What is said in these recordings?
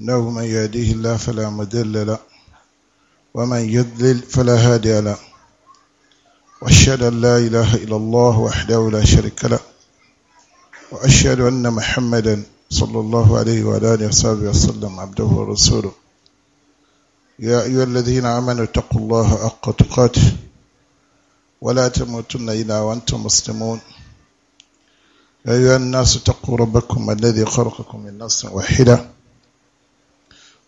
إنه من يهديه الله فلا مضل له ومن يضلل فلا هادي له وأشهد أن لا إله إلا الله وحده لا شريك له وأشهد أن محمدا صلى الله عليه وعلى آله وصحبه وسلم عبده ورسوله يا أيها الذين آمنوا اتقوا الله حق تقاته ولا تموتن إلا وأنتم مسلمون يا أيها الناس اتقوا ربكم الذي خلقكم من نفس واحدة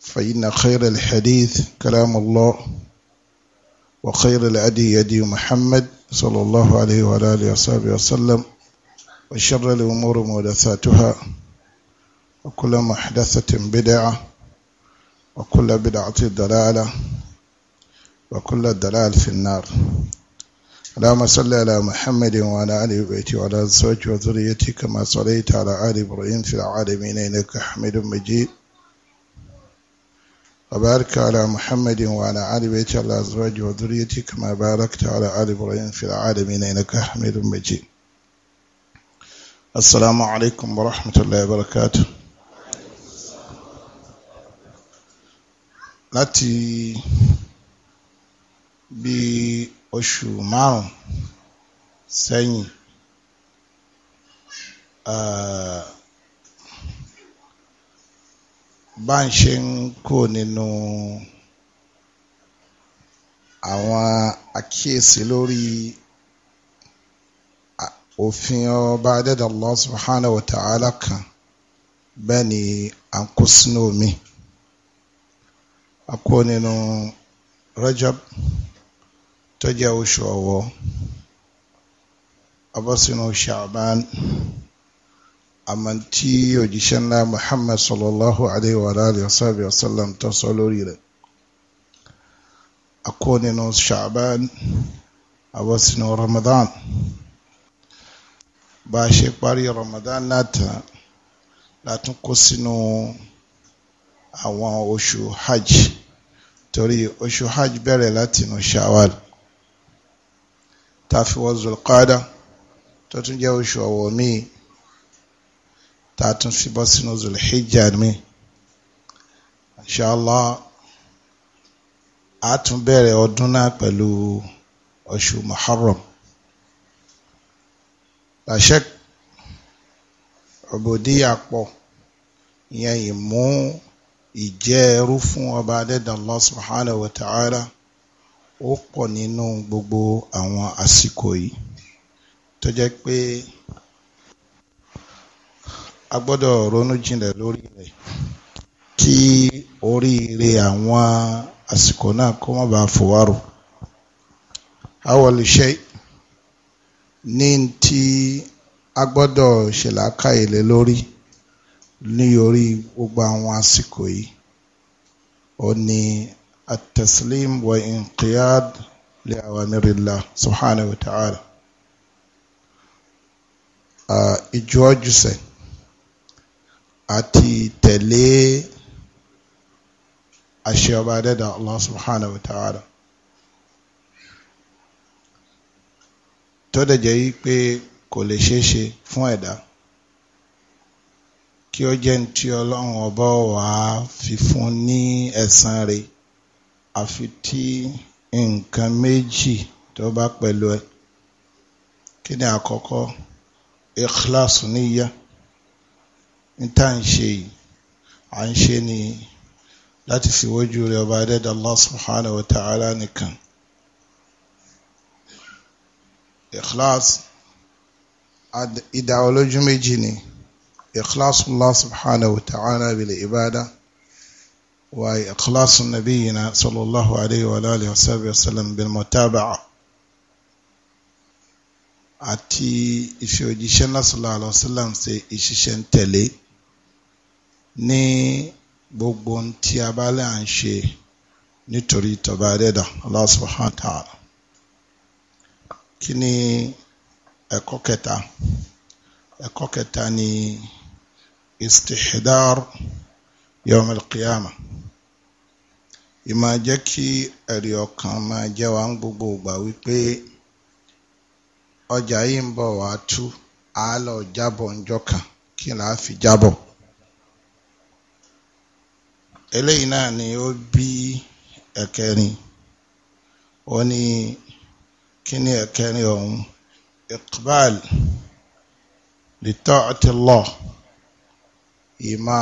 فإن خير الحديث كلام الله وخير العدي يدي محمد صلى الله عليه وعلى آله وصحبه وسلم وشر الأمور محدثاتها وكل محدثة بدعة وكل بدعة ضلالة وكل الدلال في النار اللهم صل على محمد وعلى آل بيته وعلى أزواجه وذريته كما صليت على آل إبراهيم في العالمين إنك حميد مجيد وبارك على محمد وعلى آل بيت الله أزواجه وذريته كما باركت على آل إبراهيم في العالمين إنك حميد مجيد السلام عليكم ورحمة الله وبركاته لاتي bi bí oṣù márùn-ún sẹ́yìn bá ń ṣe ń kó nínú àwọn àkíyèsí lórí òfin ọba adẹ́dàá subhanahu wa ta'ala kan bẹ́ẹ̀ ni à ń kó sínú omi a kó nínú Rajab tó jẹ́ oṣù ọ̀wọ̀ a bọ́ sínú Sha'ban àmọ́ tí òjíṣẹ́ ńlá Muhammad sallallahu alayhi wa alayhi wa sallam wasallam tó sọ lórí rẹ̀ akó nínú Sha'ban àbọ̀ sínú Ramadan bá a ṣe parí Ramadan látàn látún kó sínú àwọn oṣù hajj torí oṣù hajj bẹ̀rẹ̀ láti inú Shawwal tá a tó tún jẹ́ oṣù ọ̀wọ̀ míì tá a tún fi bọ́ sínú zulhijja mi inshallah a tún bẹ̀rẹ̀ ọdún náà pẹ̀lú oṣù muharram làṣẹ ọbọdíyà pọ̀ ìyẹn ìmú ìjẹ́ ẹrú fún ọba adẹ́dàá Allah subhanahu wa ó pọ̀ nínú gbogbo àwọn àsìkò yìí tó jẹ́ pé a gbọ́dọ̀ ronú jinlẹ̀ lórí rẹ̀ kí oríire àwọn àsìkò náà kó má bàa fòwárò awọlù ṣe ní tí a gbọ́dọ̀ ṣèlàkà ilẹ̀ lórí ní orí gbogbo àwọn àsìkò yìí ó ní at wa inqiyad li awamirillah subhanahu wa ta'ala ìjọ́ jùsẹ̀ àti tẹ̀lé àṣẹ ọba adẹ́dà Allah subhanahu wa ta'ala tó dẹ̀ jẹ́ yí pé kò lè ṣeé ṣe fún ẹ̀dá kí ó jẹ́ tí ọlọ́run ọba wà á fi fún ní ẹ̀san rẹ̀ àfi tí nǹkan méjì tó bá pẹ̀lú ẹ̀ kí ni àkọ́kọ́ ikhlasu níyà níta ń ṣe yìí à ń ṣe ni láti fi wójú rẹ̀ ọba adẹ́dàá Allah subhanahu wa ta'ala nìkan ikhlas ìdáwọ́ lójú méjì ni ikhlas Allah subhanahu wa ta'ala bil ibada wa ikhlas nabiyina sallallahu alayhi wa alihi wa sallam bil mutaba'a àti ìfi òjíṣẹ́ náà sallallahu alayhi wa ṣe ìṣiṣẹ́ ń tẹ̀lé ní gbogbo tí a bá lè à ń ṣe nítorí tọba adẹ́dà Allah kí ni ẹ̀kọ́ kẹta ẹ̀kọ́ kẹta ni istihdar yawm al-qiyama ìmá jẹ́ kí ẹ̀rí ọkàn máa jẹ́ wa ń gbogbo ìgbà wípé ọjà yìí ń bọ̀ wá tú àálọ̀ jábọ̀ ńjọ́ kan kí là á fi jábọ̀ eléyìí náà ni ó bí ẹ̀kẹrin ó ní kí ni ẹ̀kẹrin ọ̀hún iqbal li ta'ati Allah ìmá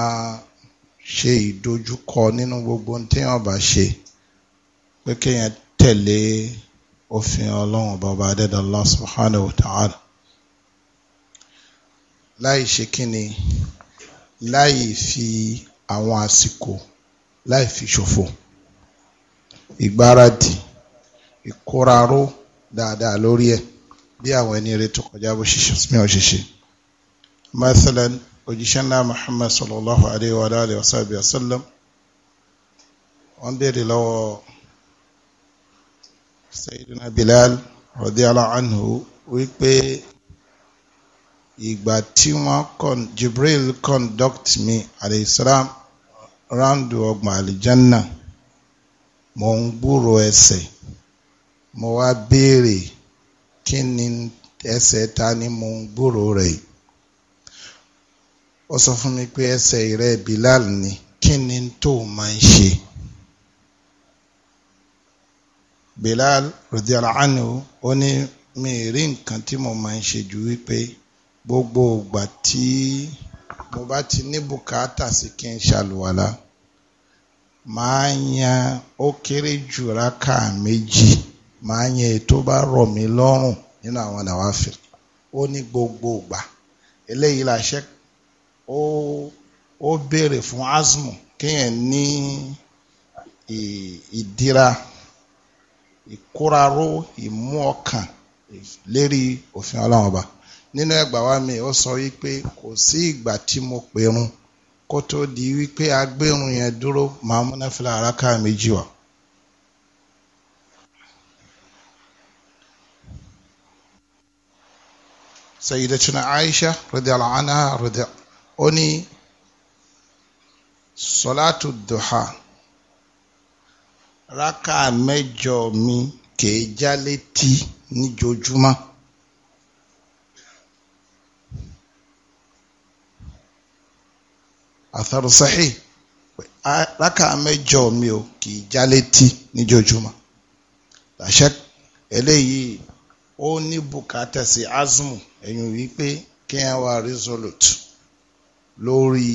ṣe ìdojúkọ nínú gbogbo tí wọ́n bá ṣe pé kéèyàn tẹ̀lé òfin ọlọ́run bàbá adẹ́dà subhanahu wa ta'ala láì ṣe kí ni láì fi àwọn àsìkò láì fi ṣòfò ìgbáradì ìkóraró dáadáa lórí ẹ̀ bí àwọn ẹni rẹ̀ tó kọjá bó ṣiṣẹ́ sí ọ ṣiṣẹ́ masalan òjíṣẹ́ ńlá muhammad sallallahu alayhi wa alayhi wa sallam wa sallam wọ́n béèrè lọ́wọ́ sayyidina bilal radiyallahu anhu wípé ìgbà tí wọ́n jibril conduct me alayhi salam ráńdù ọgbà àlìjánà mo ń gbúrò ẹsẹ̀ mo wá béèrè kí ni ẹsẹ ta ni mo ń gbúrò rẹ̀ ó sọ fún mi pé ẹsẹ̀ rẹ̀ Bilal ni kí ni tó máa ń ṣe Bilal radiyallahu anhu ó ní mi rí nǹkan tí mo máa ń ṣe ju wípé gbogbo ìgbà tí. mo bá ti ní bùkátà sí kí n ṣàlùwàlá màá yan ó kéré jù rákà méjì màá yan ètò bá rọ̀ mí lọ́rùn nínú àwọn nàwáfíl ó ní gbogbo ìgbà eléyìí làṣẹ ó ó béèrè fún asmu kéèyàn ní ìdíra ìkóraró ìmú ọkàn lérí òfin ọlọ́run ọba nínú ẹgbà wa mi ó sọ wípé kò sí ìgbà tí mo pèrun kó tó di wípé agbérun yẹn dúró màá múná fìlà àràkà méjì wá. sayyidatuna aisha radiyallahu anha radiya ó ní sọlátù duha Raka mẹ́jọ mi kèé já létí níjojúmọ́. àtàrò sahi. rákà mẹ́jọ mi ò kì í já létí níjojúmọ́ àṣẹ eléyìí ó ní bùkátà sí azmu ẹ̀yìn wípé kí wọ́n wá resolute lórí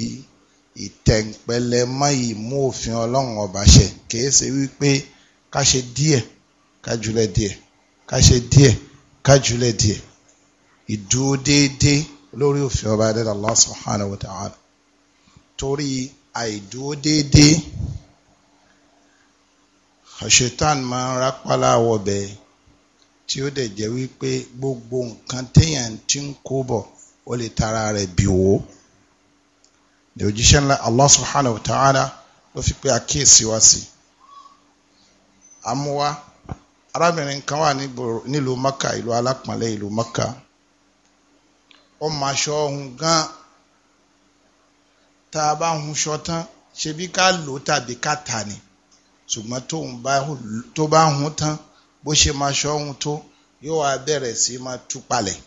ìtẹ̀ǹpẹ̀lẹ̀ mọ́ ìmú òfin ọlọ́run ọba ṣe kìí ṣe wípé ká ṣe díẹ̀ ká jùlẹ̀ díẹ̀ ká ṣe díẹ̀ ká jùlẹ̀ díẹ̀ ìdúró déédéé lórí òfin ọba adẹ́dàá Allah subhanahu wa ta'ala torí àìdúró déédéé àṣetán máa ń rápálá wọbẹ̀ tí ó dẹ̀ jẹ́ wípé gbogbo nǹkan téèyàn ti ń kó bọ̀ ó lè tara rẹ̀ bì wó ní òjíṣẹ́ ńlá Allah subhanahu wa ta'ala ló fi pé àkíyèsí wá sí amúwá arábìnrin kan wà nílùú Maka ìlú alápọ̀nlé ìlú Maka ó máa ṣọ́ ohun gan-an tá a bá hun ṣọtán ṣebí ká lò tàbí ká tà ní ṣùgbọ́n tó bá hun tán bó ṣe máa ṣọ́ hun tó yóò wá bẹ̀rẹ̀ sí máa tú palẹ̀.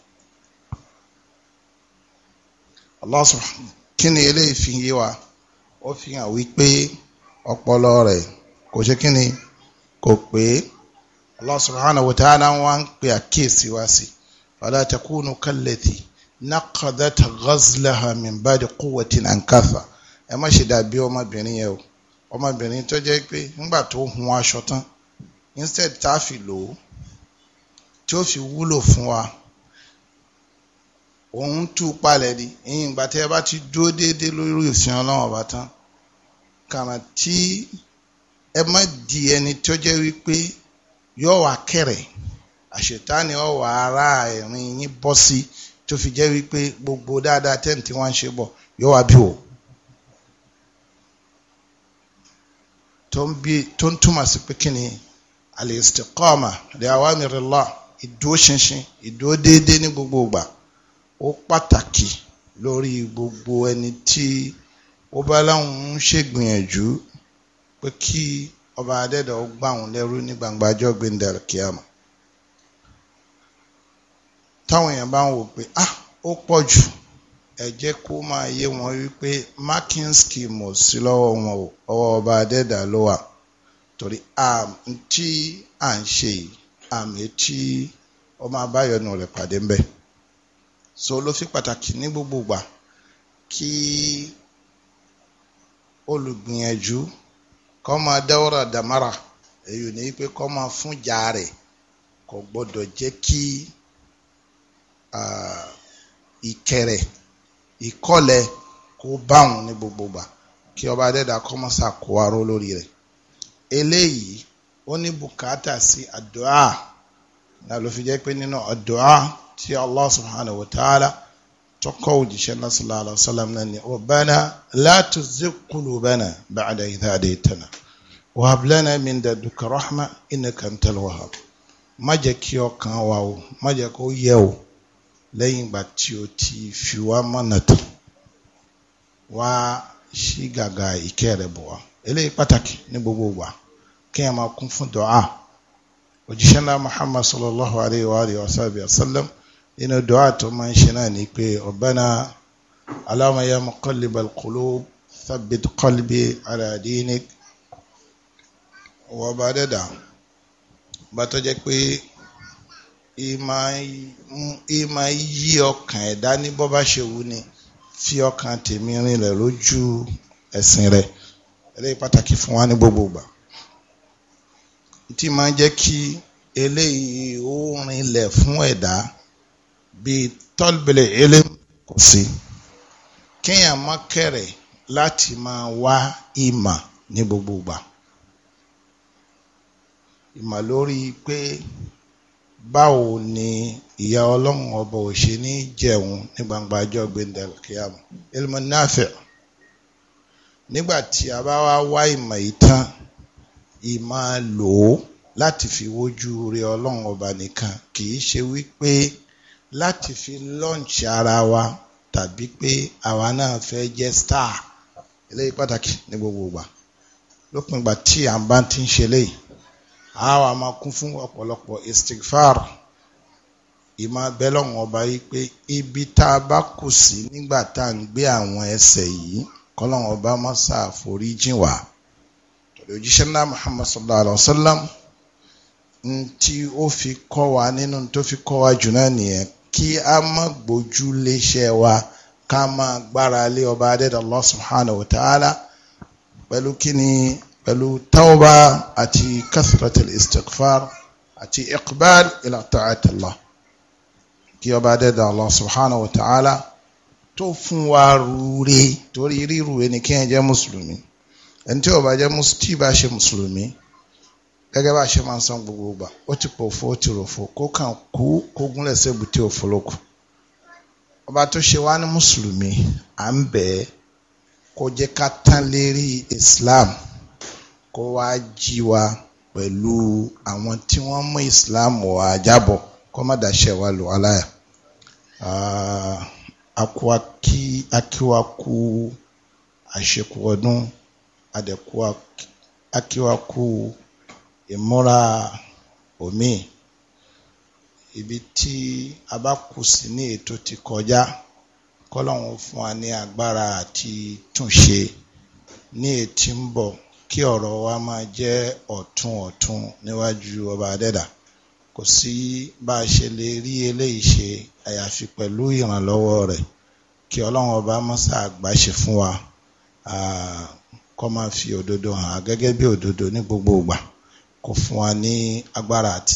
Allah subhanahu kí ni eléyìí fi yé wa ó fi hàn wípé ọpọlọ rẹ̀ kò ṣe kí ni kò pé Allah subhanahu wa ta'ala wá ń pè àkíyèsí wa sí wala takunu naqadat ghazlaha min ba'di quwwatin ankatha ẹ má ṣe dàbí ọmọbìnrin yẹn o ọmọbìnrin tó jẹ́ pé nígbà tó hun aṣọ tán instead tá a fi lò ó tí fi wúlò fún wa òun paladi palẹ̀ ni ìyìn ti dúró déédéé lórí esi ọlọ́run ọba tán kàmá tí ẹ má di ẹni tó jẹ́ wípé yóò wá kẹ̀rẹ̀ ara ẹ̀rín yín bọ́ Si tó fi jẹ́ wípé gbogbo dáadáa tẹ́ǹtì wọn ń ṣe bọ̀ yóò wá bí o. tó ń túmọ̀ sí pé kí ni al-istiqama li awamirillah ìdúró ṣinṣin ìdúró déédéé ní gbogbo ìgbà ó pàtàkì lórí gbogbo ẹni tí ó bá láwọn ń ṣègbìyànjú pé kí ọba adẹ́dàá gbà wọn lẹ́rú ní gbangba ọjọ́ gbẹ̀ndẹ̀ kíámà. táwọn èèyàn bá ń wò pé ah ó pọ̀ jù ẹ jẹ́ kó wọn wípé marking scheme sí lọ́wọ́ wọn o ọwọ́ ọba adẹ́dà ló wà torí um, tí à ń ṣe àmì um, tí ọmọ rẹ̀ pàdé ń so ló fi pàtàkì ní gbogbo ìgbà kí olùgbìyànjú kọ́ máa dáwọ́rà dàmárà èyí ò ní pé kọ́ máa Ah, ìkẹrẹ ìkọlẹ kó báwọn ní gbogbo gbà kí ọba adẹ́dà kọ́mọ́sà kó aró lórí rẹ̀ eléyìí ó ní bùkátà sí àdúrà náà ló fi jẹ́ pé nínú àdúrà tí Allah subhanahu wa ta'ala tọkọ òjíṣẹ́ náà sallallahu alaihi wasallam náà ni rabbana la tuzigh qulubana ba'da idh hadaytana wa hab lana min ladunka rahma innaka antal wahhab má jẹ́ kí ọkàn wa o má jẹ́ kó yẹ̀ o lẹ́yìn ìgbà tí o ti fi wá mọ̀nà tán wá sí gàgà ìkẹ́ rẹ̀ bọ̀ wá eléyìí pàtàkì ní gbogbo wa kí ẹ máa kún fún dọ́à òjíṣẹ́ náà Muhammad sallallahu alayhi wa alihi wa sahbihi wa inú dọ́à tó máa ń ṣe náà ni pé Rabbana Allahumma ya muqallibal qulub thabbit qalbi ala wọ́n bá dẹ́dà bá tó pé ìmọ̀ yí ọkàn ẹ̀dá ní bọ́ bá ṣe wù ni fi ọkàn tèmi rinlẹ̀ lójú ẹ̀sìn rẹ̀ eléyìí pàtàkì fún wa ní gbogbo ìgbà tí máa ń jẹ́ kí eléyìí ó rinlẹ̀ fún ẹ̀dá bíi tọ́lbìlẹ̀ eléyìí sí kéèyàn má kẹ̀rẹ̀ láti máa wá ìmọ̀ ní gbogbo ìmọ̀ lórí pé báwo ni ìyá ọlọ́run ọba ò ṣe ní jẹun ní gbangba ọjọ́ gbendel kíámù ilmu nafe nígbà tí a bá wá wá ìmọ̀ yìí tán ìmọ̀ lò ó láti fi wojú rí ọlọ́run ọba nìkan kì í ṣe wípé láti fi lọ́ǹṣì ara wa tàbí pé àwa náà fẹ́ jẹ́ star eléyìí pàtàkì ní gbogbo ìgbà lópin ìgbà tí à ń bá ti ń ṣe léyìí a wà máa kún fún ọ̀pọ̀lọpọ̀ istighfar ìmọ̀ abẹ́lọ́hún ọba yìí pé ibi tá a bá kù sí nígbà tá à ń gbé àwọn ẹsẹ̀ yìí kọ́lọ́hún ọba má ṣàforí jìn wá tọ̀dọ̀ òjíṣẹ́ náà Muhammad sallallahu alayhi wa sallam tí ó fi kọ́ wa nínú tó fi kọ́ wa jù náà nìyẹn kí a má gbójú léṣẹ́ wa ká máa gbára lé ọba adẹ́dàá Allah subhanahu wa ta'ala pẹ̀lú kí ni pẹ̀lú tawba àti kasratil istighfar àti iqbal ila ta'atillah kí ọba dẹ́dà Allah subhanahu wa ta'ala tó fún wa rúre torí ríru ẹni kí ẹ jẹ́ mùsùlùmí ẹni tí ọba jẹ́ tí bá ṣe mùsùlùmí gẹ́gẹ́ bá ṣe máa ń san gbogbo gbà ó ti pọ̀ fún ó ti rò fún kó kàn kú kó gúnlẹ̀ sẹ́gun tí ò fọlọ́kù ọba tó ṣe wá ní mùsùlùmí à ń bẹ̀ kó jẹ́ ká tán lérí Islam kó wá jí wa pẹ̀lú àwọn tí wọ́n mú islam wá jábọ̀ kó má dáṣẹ́ wa lò aláyà akíwaku ah, àṣekù ọdún adẹ̀kú akíwaku ìmúra omi ibi tí a bá kù sí ní ètò ti kọjá kọ́lọ́hún fún wa ní agbára àti túnṣe ní ètí ń bọ̀ kí ọ̀rọ̀ wa máa jẹ́ ọ̀tún ọ̀tún níwájú ọba adẹ́dà kò sí bá a ṣe lè rí eléyìí ṣe àyàfi pẹ̀lú ìrànlọ́wọ́ rẹ̀ kí ọlọ́run ọba mọ́sá àgbà ṣe fún wa kó máa fi òdodo hàn gẹ́gẹ́ bí òdodo ní gbogbo ìgbà kó fún wa ní agbára àti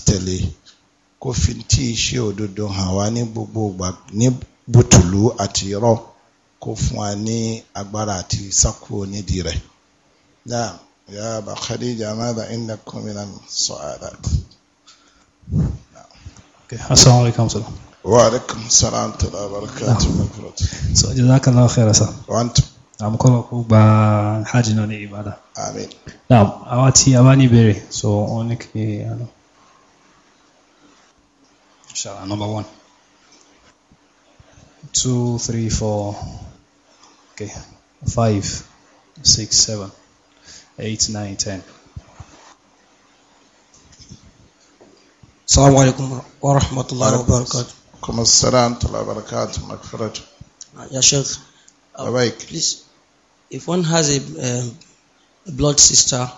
kó fi tí ì ṣe òdodo hàn wá ní gbogbo ìgbà ní bùtùlù àti irọ́ kó fún wa ní agbára àti sákúrò nídìí rẹ̀. Naam. يا أبا خديجة ماذا عندك من السؤالات السلام عليكم سلام وعليكم السلام ورحمة الله وبركاته نعم. so, جزاك الله خير سلام وانت نعم با آه، حاجة نوني نعم، نعم، عبادة آمين نعم أواتي أواني بيري so أونك إن شاء الله number one two three four okay five six seven 8, 9, 10. السلام عليكم ورحمة الله وبركاته. عليكم السلام ورحمة الله وبركاته مغفرته. يا شيخ. Awake. Please, if one has a, um, a blood sister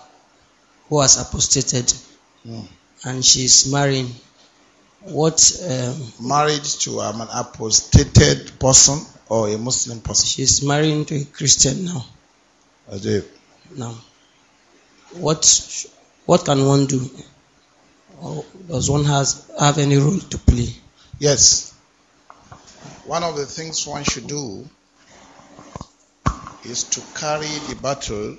who has apostated mm. and she's marrying, what um, married to um, an apostated person or a Muslim person? She's marrying to a Christian now. I do. Now what what can one do? Or does one has have any role to play? Yes. One of the things one should do is to carry the battle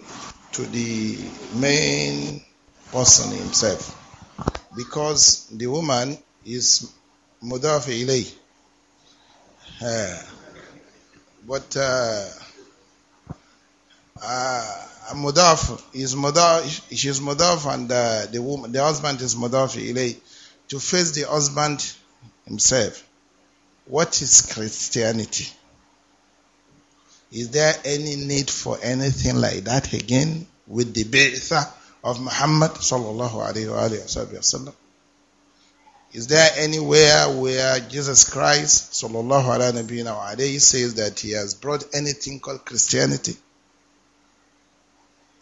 to the main person himself because the woman is mudaf ilay. Uh, but uh, uh, mudaf is mudaf, she's mudaf and uh, the woman, the husband is mudaf ilay. To face the husband himself. What is Christianity? Is there any need for anything like that again with the Bi'tha of Muhammad sallallahu alaihi wasallam, Is there anywhere where Jesus Christ sallallahu alaihi wasallam says that he has brought anything called Christianity?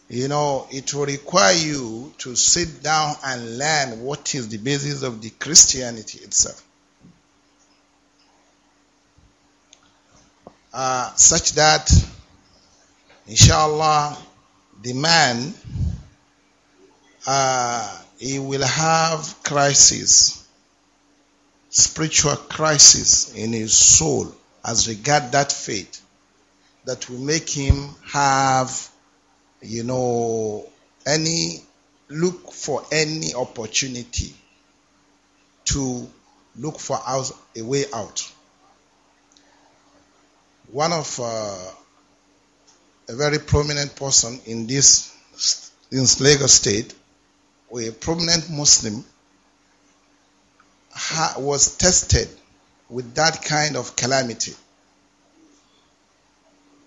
you know, it will require you to sit down and learn what is the basis of the Christianity itself. Uh, such that, inshallah, the man uh, he will have crisis, spiritual crisis in his soul as regard that faith that will make him have you know, any look for any opportunity to look for out, a way out. One of uh, a very prominent person in this in Lagos state, a prominent Muslim, ha, was tested with that kind of calamity.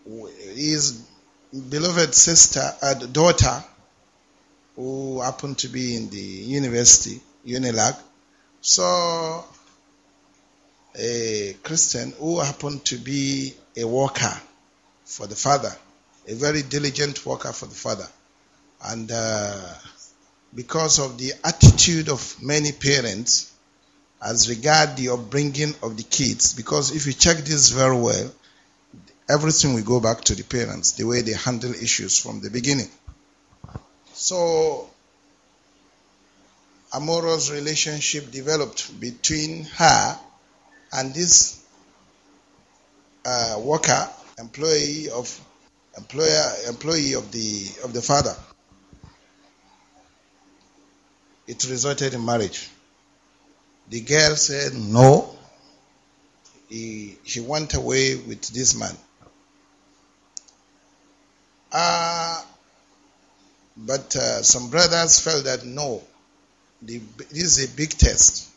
Is beloved sister and daughter who happened to be in the university, UNILAG, saw a Christian who happened to be a worker for the father, a very diligent worker for the father. And uh, because of the attitude of many parents as regard the upbringing of the kids, because if you check this very well, everything will go back to the parents, the way they handle issues from the beginning. So, moral relationship developed between her and this uh, worker, employee of employer, employee of the of the father. It resulted in marriage. The girl said no. He, she went away with this man. Uh, but uh, some brothers felt that no, the, this is a big test.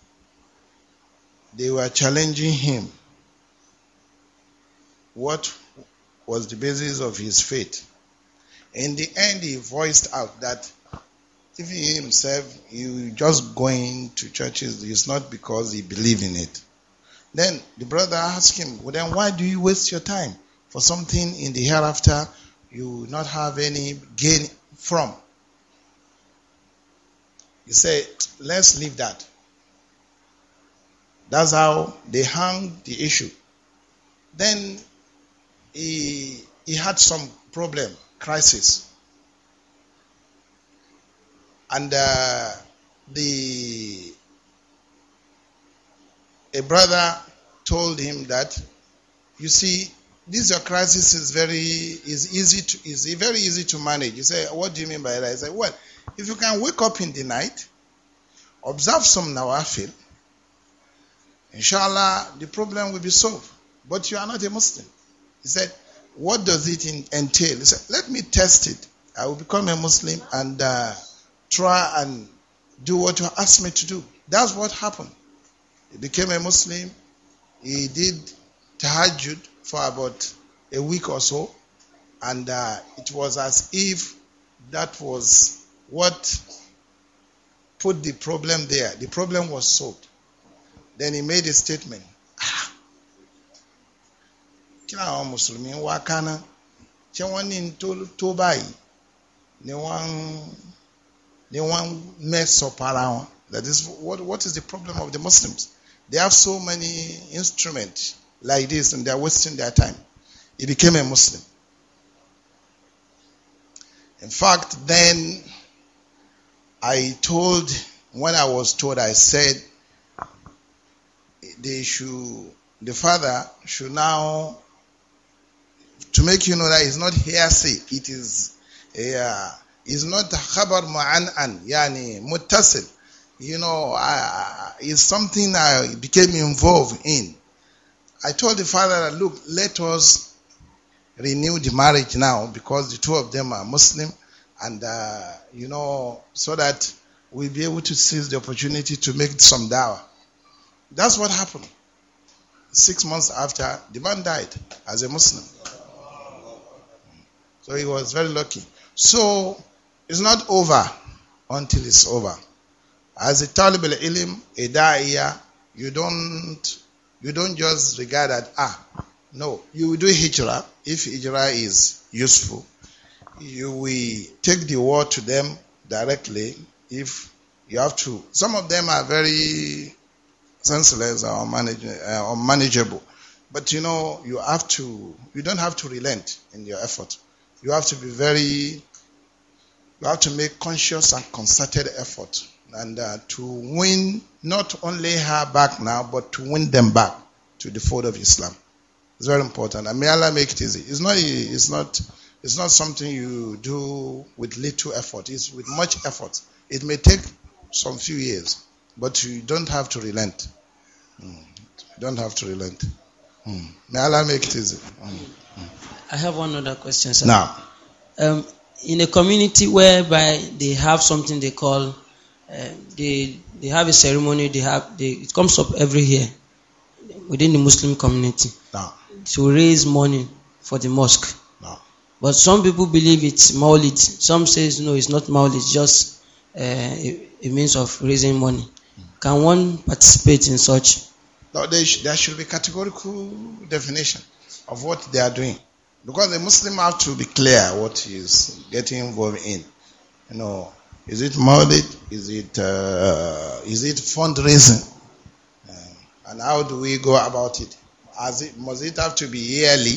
They were challenging him. What was the basis of his faith? In the end, he voiced out that if he himself, you just going to churches, it's not because he believe in it. Then the brother asked him, well, then why do you waste your time for something in the hereafter you will not have any gain from. He said, let's leave that. That's how they hung the issue. Then he, he had some problem, crisis. And uh, the a brother told him that, you see, this your crisis is very is easy to is very easy to manage. You say, what do you mean by that? I say, well, if you can wake up in the night, observe some nawafil, inshallah, the problem will be solved. But you are not a Muslim. He said, what does it entail? He said, let me test it. I will become a Muslim and uh, try and do what you asked me to do. That's what happened. He became a Muslim. He did tahajjud for about a week or so, and uh, it was as if that was what put the problem there. The problem was solved. Then he made a statement. Ah! Kí làwọn to mess up around. That is what, what is the problem of the Muslims? They have so many instruments like this and they're wasting their time. He became a Muslim. In fact, then I told, when I was told, I said they should, the father should now, to make you know that it's not hearsay, it is, yeah, it's not khabar mu'an'an, yani muttasil. You know, I, it's something I became involved in. I told the father, that, look, let us renew the marriage now because the two of them are Muslim, and uh, you know, so that we'll be able to seize the opportunity to make some dawah. That's what happened. Six months after, the man died as a Muslim. So he was very lucky. So it's not over until it's over. As a Talib al-Ilim, a Da'iyah, you don't you don't just regard that, ah, no. You will do hijrah if hijrah is useful. You will take the word to them directly if you have to. Some of them are very senseless or uh, unmanageable. But you know, you have to, you don't have to relent in your effort. You have to be very, you have to make conscious and concerted effort and uh, to win not only her back now, but to win them back to the fold of Islam. It's very important. And may Allah make it easy. It's not, it's not, it's not something you do with little effort. It's with much effort. It may take some few years, but you don't have to relent. Hmm. You Don't have to relent. Hmm. May Allah make it easy. Hmm. I have one other question, sir. Now, um, in a community whereby they have something they call Eh, they they have a ceremony. They have they, it comes up every year within the Muslim community to raise money for the mosque. But some people believe it's maulid. Some says no, it's not maulid. It's just uh, a, a, means of raising money. Can one participate in such? No, there, sh- there should be categorical definition of what they are doing, because the Muslim have to be clear what he is getting involved in. You know, is it mortgage? Is it, uh, is it fundraising? Uh, and how do we go about it? it? Must it have to be yearly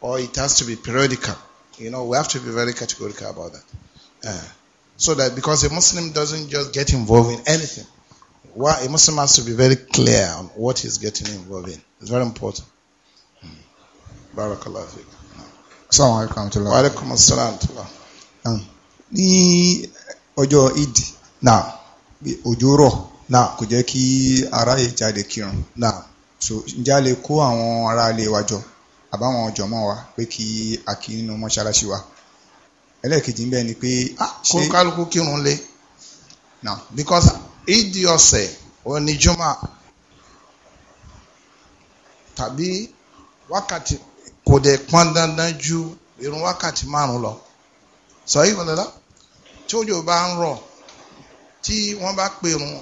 or it has to be periodical? You know, we have to be very categorical about that. Uh, so that because a Muslim doesn't just get involved in anything, a Muslim has to be very clear on what he's getting involved in. It's very important. Hmm. Barakallahu Assalamu alaikum wa Wa alaikum assalam. ọjọ́ id náà òjò rọ̀ náà kò jẹ́ kí aráyè jáde kírun náà so ǹjẹ́ a lè kó àwọn ara lè wa jọ àbáwọn mọ́ wa pé kí a nínú mọ́ṣáláṣí wa ẹlẹ́ẹ̀kejì pé. Ah, kó kálukú kírun lé because ìdí ọ̀sẹ̀ oníjúmọ́ tàbí wákàtí kò dandan ju irun wákàtí márùn lọ sọ lọ. tí òjò bá ń rọ̀ tí wọ́n bá pèrún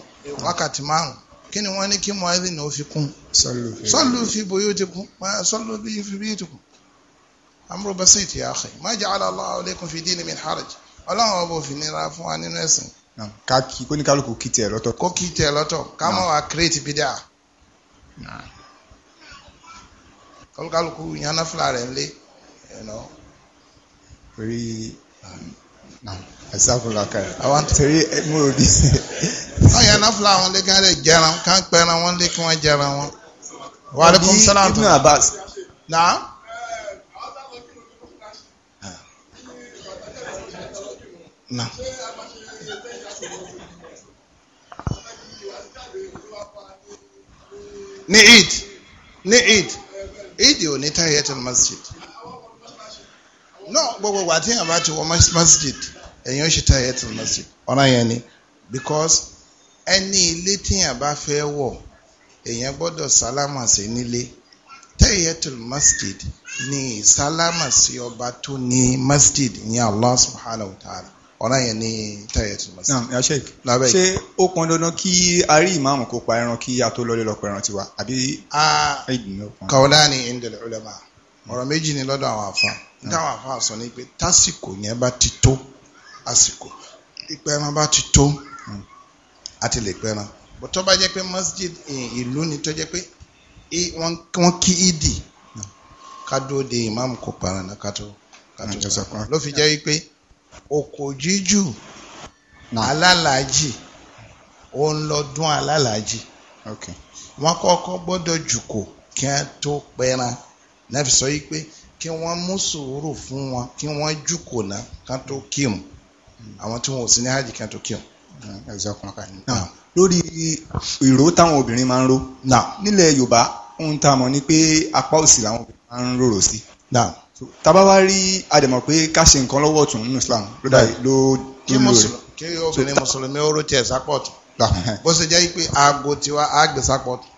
wákàtí márùn kí ni wọ́n ní kí mọ́ ẹ́dínà ó fi kún sọ́lù fi bóyó ti kún sọ́lù bí fi bí ti kún amúrò bá sì ti àkè má jẹ́ aláàlá ọlẹ́kùn fi dín ní min haraj ọlọ́run ọba òfin nira fún wa nínú ẹ̀sìn. ká kí kó ní kálukú kí tiẹ̀ lọ́tọ̀. kó kí tiẹ̀ lọ́tọ̀ ká mọ̀ wá kírètì bídà kálukú yanáfúlà rẹ̀ ń lé ẹ̀sàkùnlá kẹrẹ àwọn torí mú òbí sí i. wọ́n yẹn náà fúlà àwọn lé kán lè jẹra wọn kán pẹran wọn lé kí wọ́n jẹra wọn. wà á lè fún sọ́lá tó. náà. náà. ní eid ní eid eid ò ní tahiyatul masjid náà gbogbo àti àbá ti wọ masjid ẹ̀yin ó ṣe tahiyatul masjid ọ̀ràn yẹn ni because ẹni ilé tíyàn bá fẹ́ wọ̀ èèyàn gbọ́dọ̀ sálámà sí nílé tahiyatul masjid ni sálámà sí ọba tó ní masjid ní Allah subhanahu wa ta'ala ọ̀ràn yẹn ní tahiyatul masjid. naam yàtọ̀ lábẹ́ yìí. ṣé ó pọn dandan kí a rí ìmáàmù kó pa ẹran kí a tó lọlé lọ pa ẹran tiwa àbí. qawlani indal ulama ọ̀rọ̀ méjì ni lọ́dọ̀ àwọn àfa táwọn àfa sọ ni pé tásìkò yẹn bá ti tó àsìkò ìpẹran bá ti tó àti lè pẹran bó tó bá jẹ́ pé masjid eh, ìlú ni tó jẹ́ pé wọ́n kí ìdì ká de imam kò pẹran náà ká tó ló fi jẹ́ wípé oko jíjù alálàájì ó ń lọ dún alálàájì wọ́n kọ́kọ́ gbọ́dọ̀ jùkò kí wọ́n tó pẹran náà fi sọ wípé kí wọ́n mú sùúrù fún wọn kí wọ́n jùkò náà ká kírun àwọn tí wọn ò sí ní hajj kan tó kí wọn. Hmm, hmm. lórí ìró táwọn obìnrin máa ń ró nílẹ̀ yorùbá ohun tá a mọ̀ ni pé apá òsì làwọn obìnrin máa ń rorò sí. tábà wá rí àdèmọ̀ pé ká ṣe nǹkan lọ́wọ́ ọ̀tún nínú islam ló dá ló ló rẹ̀. kí obìnrin mùsùlùmí ó ró tiẹ̀ sápọ̀ tù bó ṣe jẹ́ pé aago tiwa á gbé sápọ̀ tù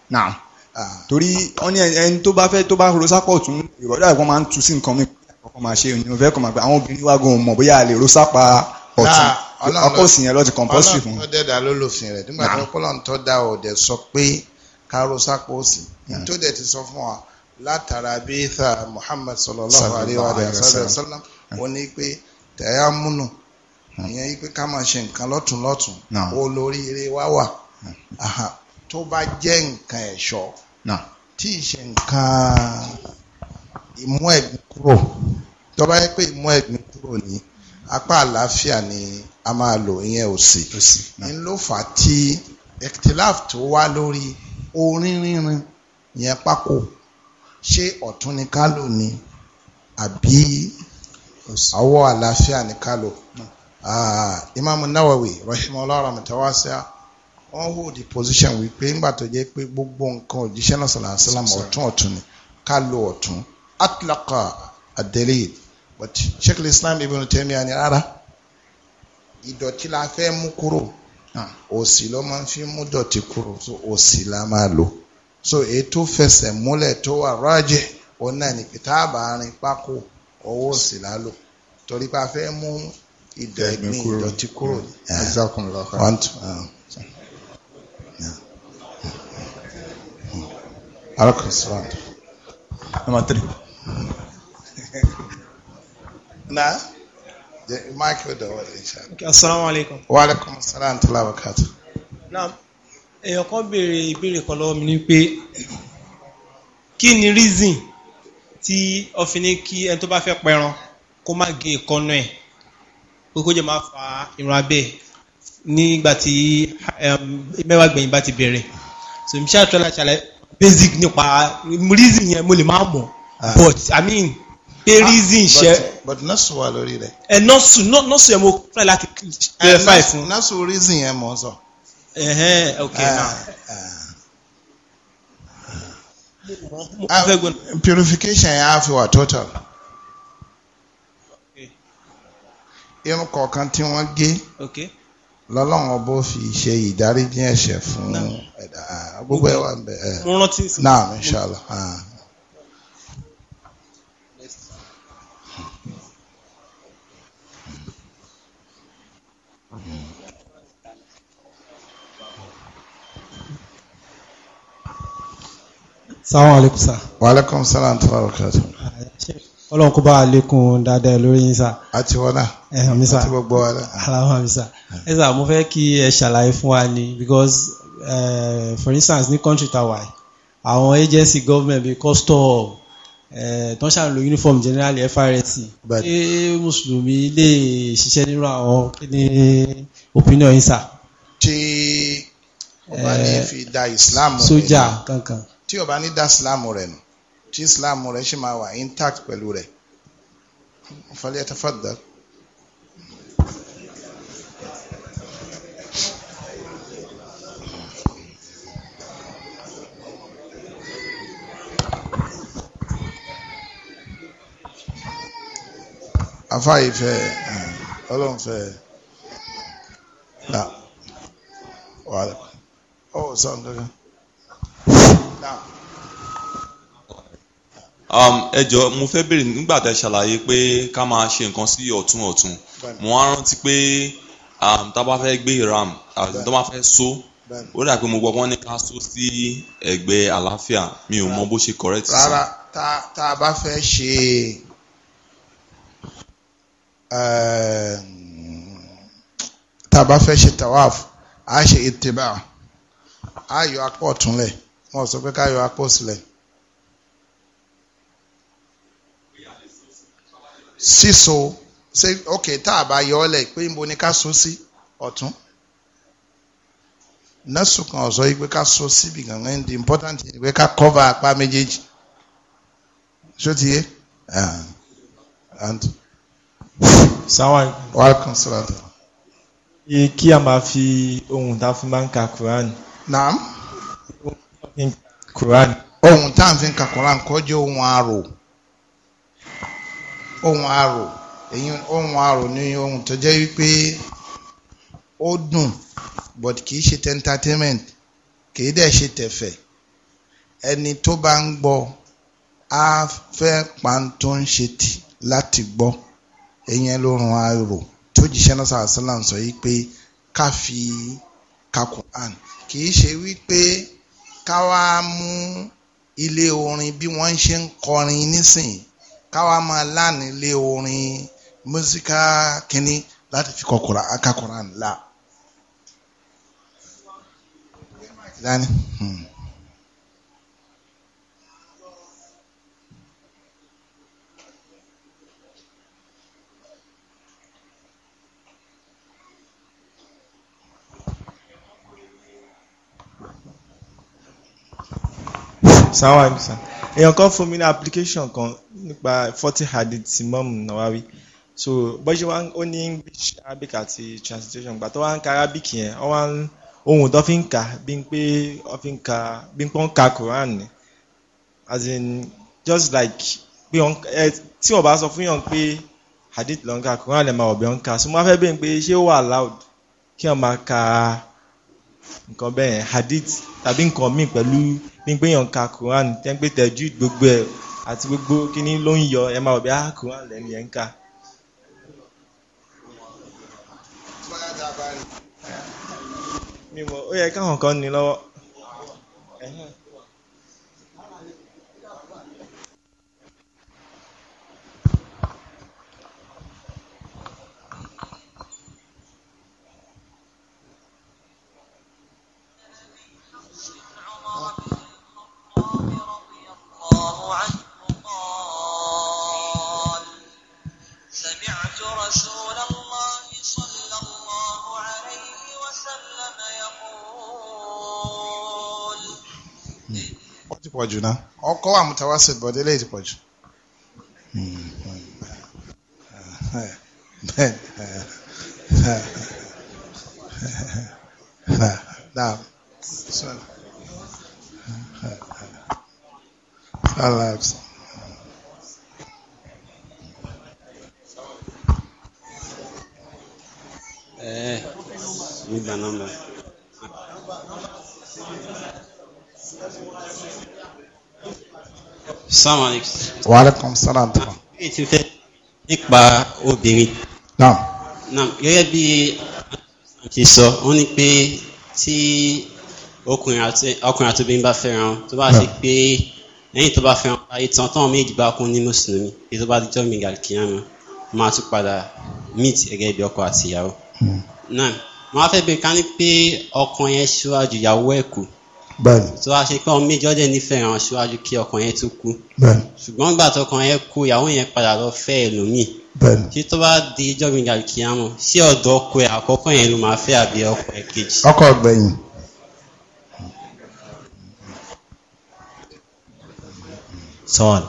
torí wọ́n ẹni tó bá fẹ́ tó bá ro sápọ̀ tún ìrọ̀lẹ́ àìkọ́ máa ń tu sí nǹkan mi kọ́kọ́ máa ṣe ìyẹn fẹ́ kọ́ máa gbé àwọn obìnrin wa gan mọ̀ bóyá a lè ro sápa ọkọ òsì yẹn lọ ti compulsive fún. ọlọ́run tó dẹ́dà ló lòfin rẹ̀ nígbà tó kọ́lọ́run tó dá ọ̀dẹ̀ sọ pé káró sápò òsì tó dẹ̀ ti sọ fún wa látara bíyìíta Muhammad sallallahu alayhi wa sallam ó ní pé tẹ̀yà múnú ìyẹn yí pé ká máa ṣe nǹkan lọ́tún lọ́tún ó lórí eré wá wà tó bá jẹ́ nǹkan ẹ̀ṣọ́ tí ì ṣe nǹkan ìmú ẹ̀gbìn kúrò tó bá yẹ pé ìmú ẹ̀gbìn kúrò nìyí apá àlàáfíà ni a máa lò ìyẹn òsì ń ló fà á tí ectilaf tó wá lórí orin rírin yẹn pákó ṣé ọ̀tún ni ká lò ní àbí ọwọ́ àlàáfíà ni ká lò ah, imaamu nawawi rahimahullah rahmatawasiya wọ́n hold the position wípé ńgbà tó jẹ́ pé gbogbo nǹkan òjíṣẹ́ náà sallallahu alaihi ọ̀tún ọ̀tún ni ká ọ̀tún atlaqa adelid but sheikh islam ibn Taymiyyah ni rárá ìdọ̀tí la fẹ́ mú kúrò òsì ló máa fi mú dọ̀tí kúrò so òsì la máa lò so ètò fẹsẹ̀ múlẹ̀ tó wà rájẹ̀ òun náà ní pété àbárin pákó ọwọ́ òsì la lò torí pé a fẹ́ mú ìdẹ̀gbin ìdọ̀tí kúrò ní. Number three na mike da wani insha assalamu alaikum wa alaikum assalam tala wakatu naam èèyàn kan béèrè ìbéèrè kan lọ́wọ́ mi ni pé kí ni reason tí ọfin ní kí ẹni tó bá fẹ́ pẹran kó má gé ìkọ́nú ẹ̀ pé kó jẹ́ máa fa irun abẹ́ nígbà tí mẹ́wàá gbẹ̀yìn bá ti bẹ̀rẹ̀ so mi ṣáà tọ́lá ṣàlàyé basic nípa reason yẹn mo lè má mọ̀ ah. but i mean pé ah, reason ṣe. but nọ́ọ̀sù wà lórí rẹ̀. ẹ nọ́ọ̀sù nọ́ọ̀sù yẹn mo fẹ́ láti clarify ah, fún. nọ́ọ̀sù reason yẹn mọ̀ sọ. ẹhẹn ok ah, now. purification yẹn á fi wà total. irun kọ̀ọ̀kan tí wọ́n gé lọ́lọ́run bó fi ṣe ìdáríjì ẹ̀ṣẹ̀ fún ẹ̀dá gbogbo ẹ̀ wà ń bẹ̀ ẹ̀ náà inṣàlá. sáwọn alekun sa. wa aleykum salaam tí wàá kàtó. ọlọ́run kó bá alekun dáadáa lórí yín sa. àti wọn náà àti gbogbo kí ẹ ṣàlàyé fún wa ni because uh, for instance ní country tawai. àwọn agency government bíi custom Eh, tán ṣàn lo uniform general FRSC ṣé mùsùlùmí lè ṣiṣẹ́ nínú àwọn kí ni opinion yín sà. ṣé ọba ní eh, fi da Islam rẹ sójà kankan. tí ọba ní da Islam rẹ nù tí Islam rẹ ṣì máa wà intact pẹ̀lú rẹ. fọlẹ́ afa yìí fẹ́ ọlọ́run fẹ́ na wàhálà ọ sàn kankan. Um, ẹ jọ̀ọ́ mo fẹ́ bèrè nígbà tẹ́ ṣàlàyé pé ká máa ṣe nǹkan sí ọ̀tún ọ̀tún mo wá rántí pé um, tá a bá fẹ́ gbé ram tá a bá fẹ́ so ó dà pé mo gbọ́ wọ́n ní ká so sí ẹ̀gbẹ́ àlàáfíà mi ò mọ bó ṣe correct. rárá tá a bá fẹ́ ṣe. Ehm, tá a bá fẹ́ ṣe tawaf a ṣe ìtìbà a yọ apá ọ̀tún lẹ̀ wọ́n sọ pé ká yọ apá òsì lẹ̀. ṣe ok tá a bá yọ ọ lẹ̀ pé níbo ni ká so sí ọ̀tún nọ́ọ̀sù kan ọ̀sọ́ yìí pé ká so síbi gangan the important thing pé ká cover apá méjèèjì ṣó ti yé. Uh, and, sáwọn wàlúkàn sọlátọ. e kí a máa fi ohun tá a fi máa ń ka quran. naam. quran. ohun tá a fi ń ka quran kọ́ jẹ́ ohun àrò ohun àrò èyí ohun àrò ni ohun tó jẹ́ wípé ó dùn but kì í ṣe entertainment kì í dẹ̀ ṣe tẹ̀fẹ̀ ẹni tó bá ń gbọ́ á fẹ́ pa tó ń ṣe tì láti gbọ́ ìyẹn ló run àrò tó jíṣẹ́ náà sàásìlà sọ yìí pé ká fi ka Quran kì í ṣe wípé ká wá mú ilé orin bí wọ́n ṣe ń kọrin nísìn ká wá máa lánàá ilé orin mọ́síkà kínní láti fi kọ Quran la. Dani. Hmm. sáwọn àìsàn èèyàn kan fún mi ní application kan nípa forty hadith imam nawawi so bọ́jú wa ó ní english arabic àti translation gbà tó wá ń ka arabic yẹn ó wá ń ohun tó fi ń kà bí pé ó fi ń ka bí pé ó ka quran ni as in just like pé ẹ tí ó bá sọ fún yàn pé hadith ló ń ka quran lè máa ọ̀bẹ ń ka so mo fẹ́ bẹ́ẹ̀ pé ṣé ó wà loud kí wọ́n máa ka nǹkan bẹ́ẹ̀ hadith tàbí nǹkan míì pẹ̀lú nígbé yàn ka Quran tẹ́ńpé tẹ̀jú gbogbo ẹ̀ àti gbogbo kíní ló ń yọ ẹ máa wọ̀ bí á Quran lẹ́nu yẹn ń ka. mímọ ó yẹ káwọn kan ní lọ́wọ́. pọ̀ jù náà ọkọ wà mutawasit bọ̀dé lè ti pọ̀ jù. Eh, with the number. Assalamu alaikum. Wa alaikum salaam tó. bí ti fẹ́ nípa obìnrin. naam. naam gẹ́gẹ́ bí ti sọ wọ́n ní pé tí ọkùnrin àti obìnrin bá fẹ́ràn tó bá ṣe pé lẹ́yìn tó bá fẹ́ràn ayé tán tán méjì bá kún ní mùsùlùmí bí tó bá jọ́ mi gàkíyàmù máa tún padà meet gẹ́gẹ́ bí ọkọ àti ìyàwó. Hmm. naam màá fẹ́ bẹ̀rẹ̀ ká ní pé ọkàn yẹn ṣíwájú ìyàwó ẹ̀ bẹ́ẹ̀ni. tó wá ṣe pé ọmọ méjì ọdẹ nífẹ̀ẹ́ hàn síwájú kí ọkùnrin yẹn tó kú. bẹ́ẹ̀ni. ṣùgbọ́n nígbà tó ọkùnrin yẹn kú ìyàwó yẹn padà lọ fẹ́ ẹlòmíì. bẹ́ẹ̀ni. ṣé tó bá di ijọ́ mi gàdú kí á mọ̀ sí ọ̀dọ̀ ọkọ ẹ̀ àkọ́kọ́ yẹn ló máa fẹ́ àbí ọkọ ẹ̀ kejì. ọkọ gbẹ̀yìn. sọ́ọ̀nù.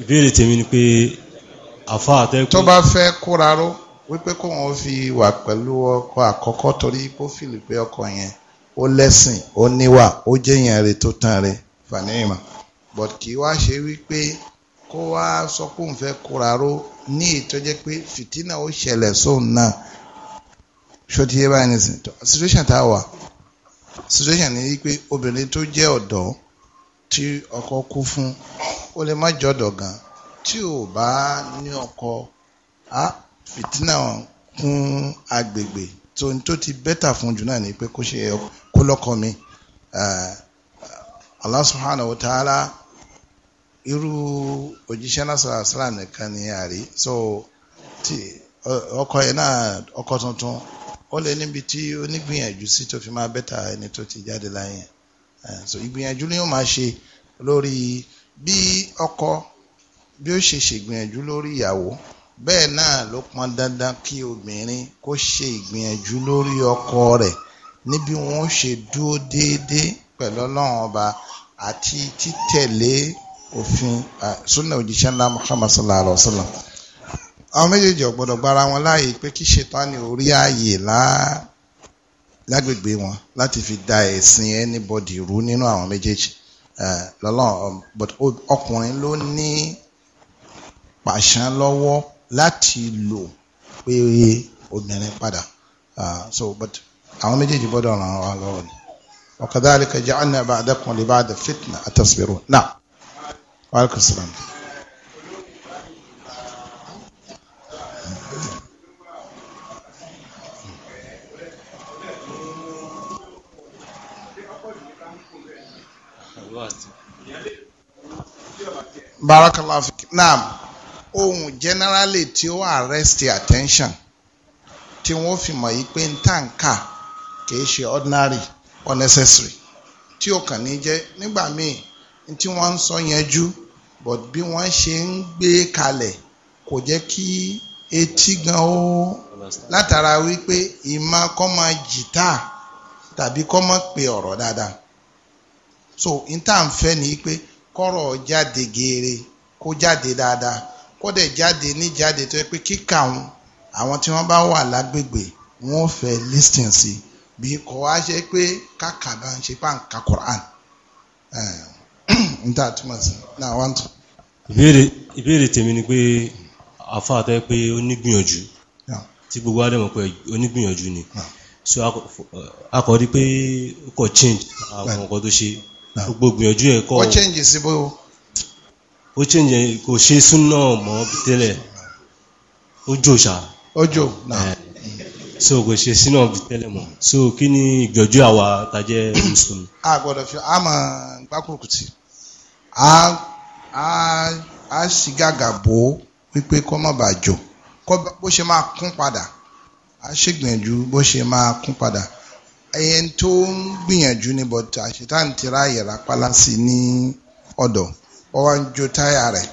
ìbéèrè tèmi ni pé àfa àtẹ́kùn. tó bá fẹ́ kóra ró wípé kóun fi wà pẹ̀lú ọkọ ó lẹ́sìn ó níwà ó jẹ́yàn rẹ̀ tó tán rẹ̀ fanima but kì í wá ṣe wípé kó wá sọ pé òun fẹ́ kóra ní ìtọ́jẹ́ pé fìtínà ó ṣẹlẹ̀ sóun náà ṣọtí yé báyìí nìsín situation tá a wà situation ni wípé obìnrin tó jẹ́ ọ̀dọ́ tí ọkọ kú fún ó lè má jọ̀dọ̀ gan tí ò bá ní ọkọ fìtínà kún agbègbè tó ń tó ti bẹ́tà fún jù náà ni pé kó ṣe kó lọ́kọ mi Allah subhanahu wa ta'ala irú òjíṣẹ́ náà sọ̀rọ̀ nìkan ni àrí so ti ọkọ yẹn náà ọkọ tuntun ó lè níbi tí onígbìyànjú sí tó fi máa bẹ́tà ẹni tó ti jáde láyé so ìgbìyànjú ni yóò máa ṣe lórí bí ọkọ bí ó ṣe ṣègbìyànjú lórí ìyàwó bẹ́ẹ̀ náà ló pọn dandan kí obìnrin kó ṣe ìgbìyànjú lórí ọkọ rẹ̀ níbi wọn ṣe dúró déédéé pẹ̀lú ọlọ́run ọba àti títẹ̀lé òfin sunna òjíṣẹ́ ńlá muhammad sallallahu alaihi wa sallam àwọn méjèèjì ọ̀gbọ́dọ̀ gbára wọn láàyè pé kí ṣètánì orí ààyè lágbègbè wọn láti fi da ẹ̀sìn anybody rú nínú àwọn méjèèjì lọ́lọ́run ọkùnrin ló ní pàṣán lọ́wọ́ láti lò pé obìnrin padà so but àwọn méjèèjì gbọ́dọ̀ ràn wá lọ́wọ́ ni wa kadhalika ja'alna ba'dakum li ba'd fitna atasbirun náà wa alaykum salaam. barakallahu fik naam ohun generally tí ó arrest attention tí wọ́n fi mọ̀ yí pé ntànkà kìí ṣe ordinary unnecessary. necessary tí ó kàn ní jẹ́ nígbà míì tí wọ́n ń sọ yẹn jú but bí wọ́n ṣe ń gbé kalẹ̀ kò jẹ́ kí etí gan ó látara wípé ìmọ̀ kọ́ máa jìtá tàbí kọ́ máa pe ọ̀rọ̀ dáadáa so ntàǹfẹ́ ni pé kọ́rọ̀ jáde geere kó jáde dáadáa kọ́dẹ̀ jáde níjáde tó yẹ pé kíkà wọn àwọn tí wọ́n bá wà lágbègbè wọ́n fẹ́ listen sí bí kò wá ṣe pé kàkà bá ń ṣe pàǹkà Quran n ta túmọ̀ sí náà wọ́n tún. ìbéèrè ìbéèrè tèmi ni pé àfáà tó yẹ pé ó nígbìyànjú tí gbogbo adé mọ̀ pé onígbìyànjú ni so akọ̀ rí pé ó kọ̀ change àwọn nǹkan tó ṣe gbogbo gbìyànjú ẹ̀ kọ́. ó change síbó ó change kò ṣe súnà mọ́ tẹ́lẹ̀ ó jò ṣá. ó jò náà. so kò ṣe súnà tẹ́lẹ̀ mọ́ so kí ni ìgbẹ́jú àwa tajẹ́ mùsùlùmí. a gbọ́dọ̀ fi àmọ́ gbákùrùkùtì a a a sì gàgà bò ó wípé kó má bàa jò kó bó ṣe máa kún padà a ṣègbìyànjú bó ṣe máa kún padà ẹyẹn tó ń gbìyànjú ni bọ́tà ṣètàn tìráyè rápálá sí ní ọ̀dọ̀ wọ́n wá ń jó táyà rẹ̀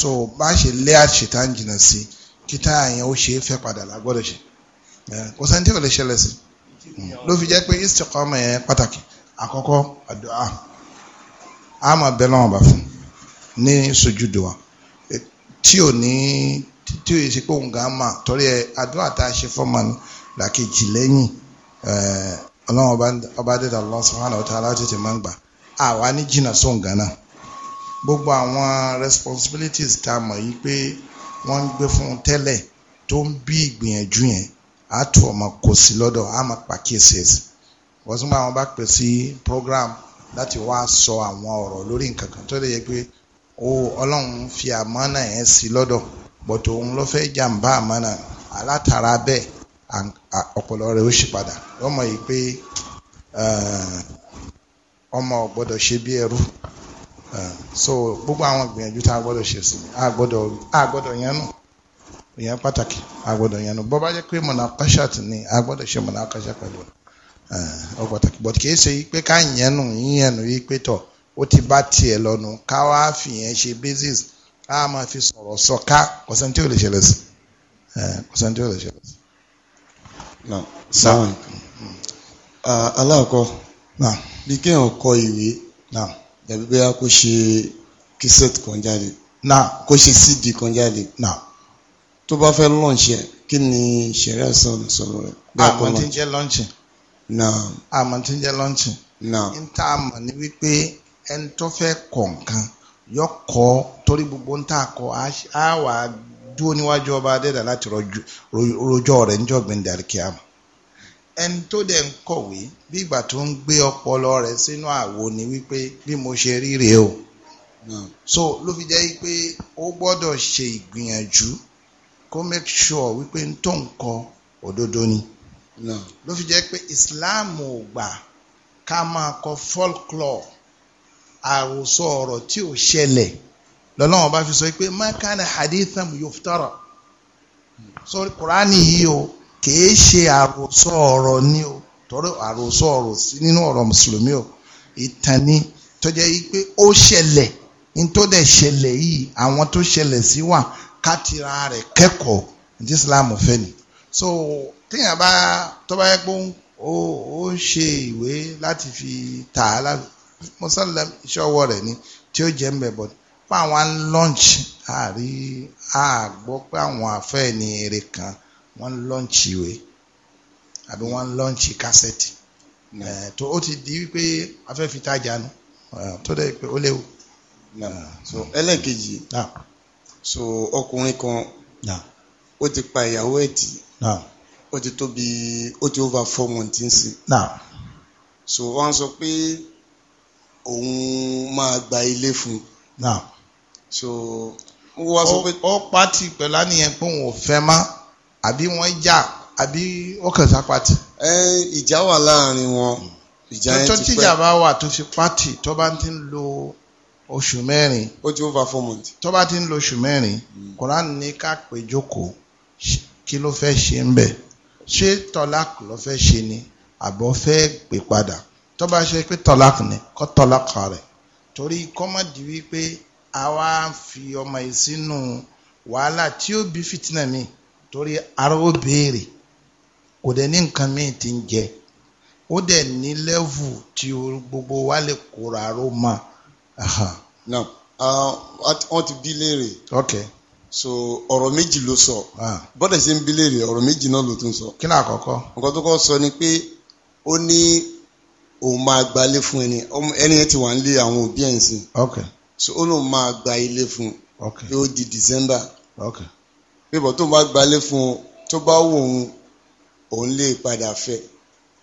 so bá ṣe lé àṣetá ń jìnnà sí kí táyà yẹn ó ṣe é fẹ́ padà lágbọ́dọ̀ ṣe kò sẹ́ni tí kò lè ṣẹlẹ̀ sí ló fi jẹ́ pé istiqama yẹn pàtàkì àkọ́kọ́ àdúà a máa bẹ lọ́wọ́ bá fún ní sojúdo wa tí ò ní tí ò yẹ ṣe pé òun gan máa torí ẹ àdúrà tá a ṣe fọ́ọ̀mà ni làkejì lẹ́yìn ọlọ́run ọba dẹ́ta Allah subhanahu wa ta'ala tètè máa ń gbà àwa ní jìnnà sóun gan gbogbo àwọn responsibilities tá a mọ̀ yìí pé wọ́n ń gbé fún un tẹ́lẹ̀ tó ń bí ìgbìyànjú yẹn á tù ọmọ kò sí lọ́dọ̀ á máa pàkíyèsí ẹ̀sìn wọ́n tún bá wọn bá pè sí program láti wá sọ àwọn ọ̀rọ̀ lórí nǹkan kan tó lè yẹ pé ó ọlọ́run fi àmọ́nà yẹn sí lọ́dọ̀ bọ̀tò òun ló fẹ́ jàǹbá àmọ́nà alátara bẹ́ẹ̀ ọpọlọ rẹ̀ ó ṣì padà lọ́mọ yìí pé ọmọ ò ṣe bí ẹrú so gbogbo àwọn gbìyànjú tá a gbọ́dọ̀ ṣe sí a gbọ́dọ̀ a yẹnu ìyẹn pàtàkì a yẹnu bọ́ bá na pé ni a gbọ́dọ̀ ṣe monakashat pẹ̀lú ọ pàtàkì bọ́t kì í ṣe pé ká yẹnu yí pé ti bá ká wá ṣe basis ká máa fi sọ ká tí ò lè sí tí ò lè sí. sáà mm-hmm. ah, aláàkọ bí kéèyàn kọ ìwé. dàbí bóyá kó ṣe kíṣẹ́tì kan jáde náà kó ṣe cd kan jáde náà tó bá fẹ́ launch ẹ̀ kí ni ṣẹ̀rẹ́ sọ̀rọ̀ sọ̀rọ̀ rẹ̀. àmọ́ tí ń jẹ́ launching. náà àmọ́ tí ń jẹ́ launching. náà n ta mọ̀ ni wípé ẹni tó fẹ́ kọ̀ nǹkan yọ kọ́ torí gbogbo ń tà kọ́ á wà dúró níwájú ọba adẹ́dà láti rojọ́ rẹ̀ níjọ́ gbẹ̀ndàríkì àmọ́ ẹni tó dẹ̀ ń kọ̀wé bí ìgbà tó ń gbé ọpọlọ rẹ̀ sínú àwo ni wípé bí mo ṣe rí rèé o hmm. so ló fi jẹ́ pé ó gbọ́dọ̀ ṣe ìgbìyànjú kó make sure wípé n tó nǹkan òdodo ni hmm. ló fi jẹ́ pé Islam ò gbà ká máa kọ folklore àròsọ ọ̀rọ̀ tí ò ṣẹlẹ̀ lọ́lọ́wọ́n bá fi sọ pé mákànnì hadithan yuftara hmm. so Kùránì yìí o kìí ṣe àròsọ ọ̀rọ̀ ni o tọrọ àròsọ ọ̀rọ̀ sí nínú ọ̀rọ̀ mùsùlùmí o ìtàn ni tó jẹ́ pé ó ṣẹlẹ̀ nítorí dẹ̀ yìí àwọn tó ṣẹlẹ̀ sí wà kátìrà rẹ̀ kẹ́kọ̀ọ́ ní Islam fẹ́ ni so téèyàn bá tó bá yẹ pé ó ṣe ìwé láti fi tà á láti mọ́sálẹ̀ iṣẹ́ ọwọ́ rẹ̀ ni tí ó jẹ́ mbẹ̀ bọ́dí fún àwọn launch àárí àgbọ́ pé àwọn afẹ́ ni èrè kan wọ́n ń lọ́ǹchì ìwé àbí wọ́n ń lọ́ǹchì kásẹ̀tì tó ó ti di wípé afẹ́fi tájà nu eh, tó dẹ̀ pé ó léwu. Eh, so ẹlẹ́ẹ̀kejì so ọkùnrin kan ó ti pa ìyàwó ẹ̀ tì ó ti tó bí ó ti over four months ń sìn. so wọ́n sọ pé òun máa gba ilé fún un. so wọ́n sọ pé. ó pàtì pẹ̀lú àníyàn pé òun ò fẹ́ máa àbí wọ́n jà àbí wọ́n kàn sá pati. ẹ ìjà wà láàrin wọn ìjà yẹn ti pẹ́ tó tíjà bá wà tó fi pati tó bá ti ń lo oṣù mẹ́rin. ó ti over four months. tó bá ti ń lo oṣù mẹ́rin koran hmm. ní ká pè jókòó kí ló fẹ́ ṣe ń bẹ̀ ṣé tọ́láàkì ló fẹ́ ṣe ni àbọ̀ fẹ́ pè padà tó bá ṣe pé tọ́láàkì ni kọ́ tọ́láàkì rẹ̀ torí kọ́mọ̀dì wípé àwa fi ọmọ yìí sínú wàhálà tí ó bí fìtínà míì. torí ara béèrè kò ní nǹkan míì ń jẹ ó ní tí gbogbo wa lè kóra aró ma. na ọ ti bí léèrè. ok so ọ̀rọ̀ méjì ló sọ. bọ́dẹ̀ ṣe ń bí léèrè ọ̀rọ̀ méjì náà ló tún sọ. kí ni àkọ́kọ́. sọ ni pé ó ní òun máa gba ilé fún ẹni ẹni wà ń lé so ó lóun máa gba ilé di December. bíbọ̀ tó bá gbalé fún un tó bá wù òun òun lè padà fẹ́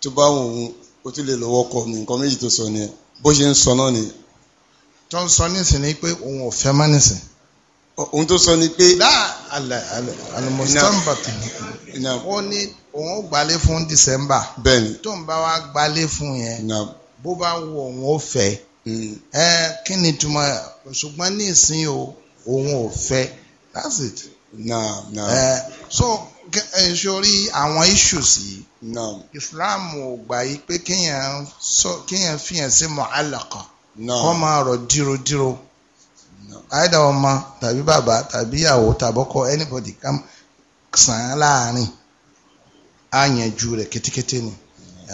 tó bá wù òun ó tún lè lọ́wọ́ kọ mi nǹkan méjì tó sọ ni bó ṣe ń sọ náà ni. tó ń sọ nísìn ni pé òun ò fẹ́ má nísìn. òun tó sọ ni pé. dáa alẹ alẹ alimusitambati ó ní òun ó gbalé fún dísẹ́mbà. bẹ́ẹ̀ni tó ń bá wa gbalé fún yẹn bó bá wù òun ó fẹ́ hmm. ẹ kí ni túmọ̀ ṣùgbọ́n ní ìsín òun ò fẹ́ that's it. No, no. Uh, so sori eh, àwọn issues yìí. No. Islam ò gbà yí pé kéèyàn fi kéèyàn fìyàn sí mọ̀álàkà. No. Kọ́ máa rọ̀ dírodíro. No. Àìdá ọmọ tàbí bàbá tàbí ìyàwó tàbọ́kọ anybody ká sàn án láàárín. Á yanjú rẹ̀ kétékété ni.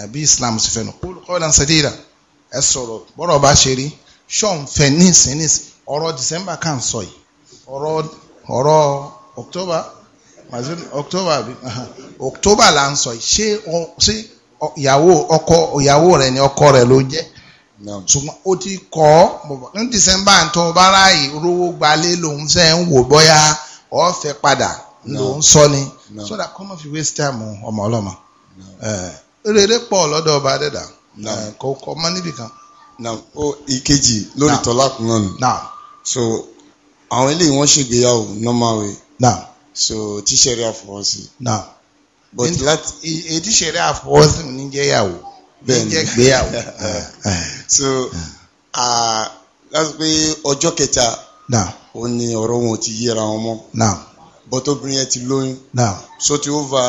Àbí Islam sì fẹ́ nù. Kọ́lá ń sẹ́dí ìdá. Ẹ sọ̀rọ̀ bọ́rọ̀ bá ṣe rí. Ṣọ́ọ̀n fẹ́ nísìnyí ọ̀rọ̀ December kan sọ yìí. Ọ̀rọ̀ ọ̀rọ̀ october mazin october bi october là ń sọ ṣé ṣé ìyàwó ọkọ ìyàwó rẹ ni ọkọ rẹ ló jẹ ṣùgbọ́n ó ti kọ́ ní december tó bá ráàyè rówó gbalé lòun ṣe ń wò bóyá ọ̀fẹ́ padà lòun sọ ni so that kọ́mọ́ fi waste time ọmọ ọlọ́mọ eh, rere pọ̀ lọ́dọ̀ ọba adẹ́dà eh, kò kọ́ mọ́ níbìkan. ìkejì lórí tọ́lá kan náà so àwọn eléyìí wọ́n ṣègbéyàwó normal way Now. So tí sẹ́ríà fọwọ́ sí. Now. But láti etí sẹ́ríà fọwọ́ sí ní jẹ́yàwó. Bẹ́ẹ̀ni gbéyàwó. So láti pé ọjọ́ kẹta. Now. Ó ní ọ̀rọ̀ wọn ti yíra wọn mọ́. Now. But obìnrin yẹn ti lóyún. Now. So ti over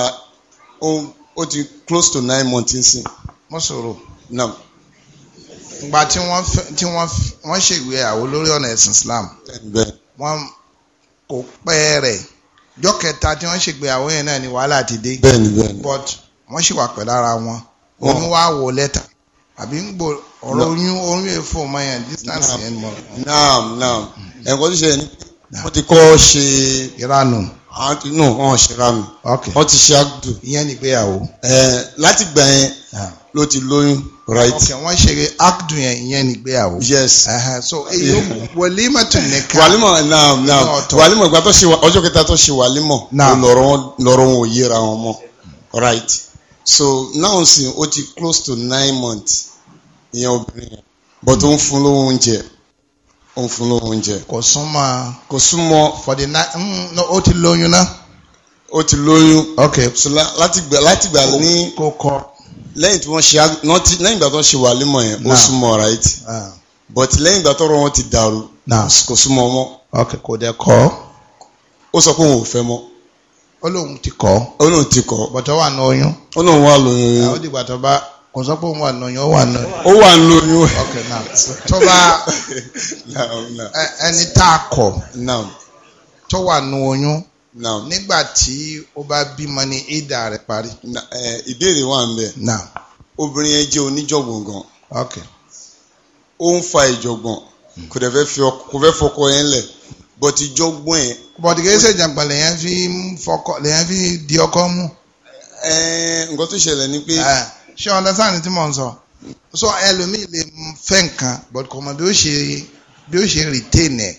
ó ti close to nine months ń sìn. Mo sọ̀rọ̀. Now ìgbà tí wọ́n ṣègbéyàwó lórí ọ̀nà ẹ̀sìn Islam wọ́n kò pẹ́ rẹ̀ jọ́ kẹta tí wọ́n ṣègbéyàwó yẹn náà ni wàhálà ti dé but wọ́n ṣì wà pè lára wọn oyún wá wò lẹ́tà àbí ń gbò ọ̀rọ̀ oyún oyún èèfò mayan distance yẹn mọ̀. naam naam ẹ̀kọ́ ti ṣe ni wọ́n ti kọ́ ṣe. no wọn ṣera mi wọn ti ṣe ìyẹn láti gbà yẹn ah. ló ti lóyún. right ok wọn ṣe yẹn ìyẹn yes so wàlímọ̀ tún wàlímọ̀ wàlímọ̀ ìgbà tó ṣe ọjọ́ kẹta tó ṣe wàlímọ̀ lọ́rọ̀ wọn ò yẹra wọn mọ́ right so now sin close to nine months ìyẹn obìnrin yẹn but ó oúnjẹ. ó fún lóhun oúnjẹ. kò súnmọ́. kò súnmọ́. for the night mm, no, ó ti lóyún náà. ó ti lóyún. ok so láti gbà láti gbà ní. kò kọ. lẹ́yìn tí wọ́n ṣe lẹ́yìn ìgbà tó ń ṣe wàlímọ̀ yẹn ó súnmọ́ right. Uh. Ah. but lẹ́yìn ìgbà tọ́rọ̀ wọn ti dàrú. kò súnmọ́ mọ́. ok kò dẹ̀ kọ́. ó sọ pé òun ò fẹ́ mọ́ olóhùn ti kọ́. olóhùn ti kọ́. bọ̀tọ̀ wà ní oyún. olóhùn wà lóyún. àwọn ìdìgbà ah, tó bá kò sọ pé òun wà lóyún ó wà lóyún. ó wà lóyún. ok now tó bá ẹni tá a kọ tó wà nù oyún nígbà tí ó bá bímọ ní ìdá rẹ parí. ìbéèrè wà ń bẹ obìnrin yẹn ok ó ń fa kò fọkọ yẹn lẹ̀ bọ́tí jọ́gbọ́n ẹ̀. bọ́tí kìí ṣe lèyàn fi fọkọ lèyàn fi di ọkọ eh, ni pé ah. ṣé o understand tí mò ń sọ so ẹlòmíì lè fẹ́ nǹkan but kò mọ̀ bí ó ṣe bí ó ṣe retain ẹ̀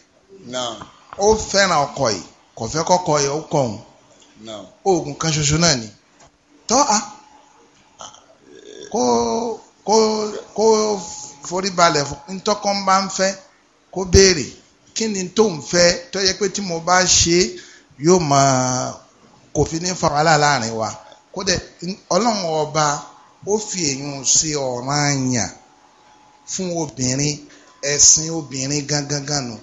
ó fẹ́ràn ọkọ yìí kò fẹ́ kọ́kọ́ yìí ó kọ̀ òun oògùn kan ṣoṣo náà ni tọ́ a kó kó kó forí balẹ̀ ntọ́kàn bá ń fẹ́ kó béèrè kí ni tó ń fẹ́ tó yẹ pé tí mo bá ṣe yóò máa kò fi ní fa wàhálà láàrin wa kó ọlọ́run ọba ó fi èyàn ṣe ọ̀ranyàn fún obìnrin ẹ̀sìn obìnrin gangan ganu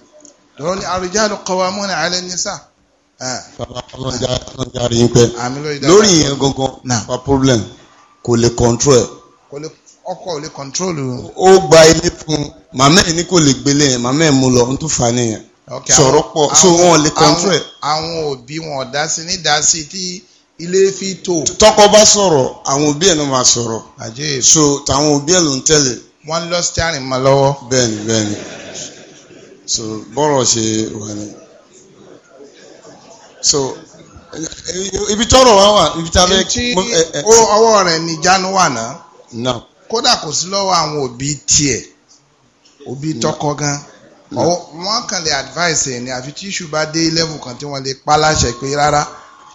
lọ́wọ́ ni àrùjáde qawwamuna 'ala an-nisa. Ah. bàbá ọlọ́run jáde pẹ́ lórí ìyẹn gangan pa problem kò lè control ẹ̀. ọkọ ò lè control. ó gba ilé fún màmá ẹ̀ ní kò lè gbélé ẹ̀ màmá ẹ̀ mú lọ ń tún fà á nìyẹn sọ̀rọ̀ pọ̀ so wọn lè control ẹ̀. àwọn òbí wọn ò dá sí ní dá sí tí ilé fi tó. tọkọ bá sọ̀rọ̀ àwọn òbí ẹ̀ ló máa sọ̀rọ̀. àjẹ́ so tàwọn òbí ẹ̀ ló ń tẹ̀lé. wọ́n lọ stiarin ma lọ́wọ́. bẹ́ẹ̀ni bẹ́ẹ̀ni so bọ́rọ̀ ṣe wà ní. so ibi tọrọ wa wà ibi tá a fẹ́. etí ọwọ́ rẹ̀ ní jánu wà náà. na. kódà kò sí lọ́wọ́ àwọn òbí tiẹ̀ òbí tọkọ gan wọ́n kàn lè advice ẹ̀ ní àfi tí iṣu bá dé level kan tí wọ́n lè pa láṣẹ pé rárá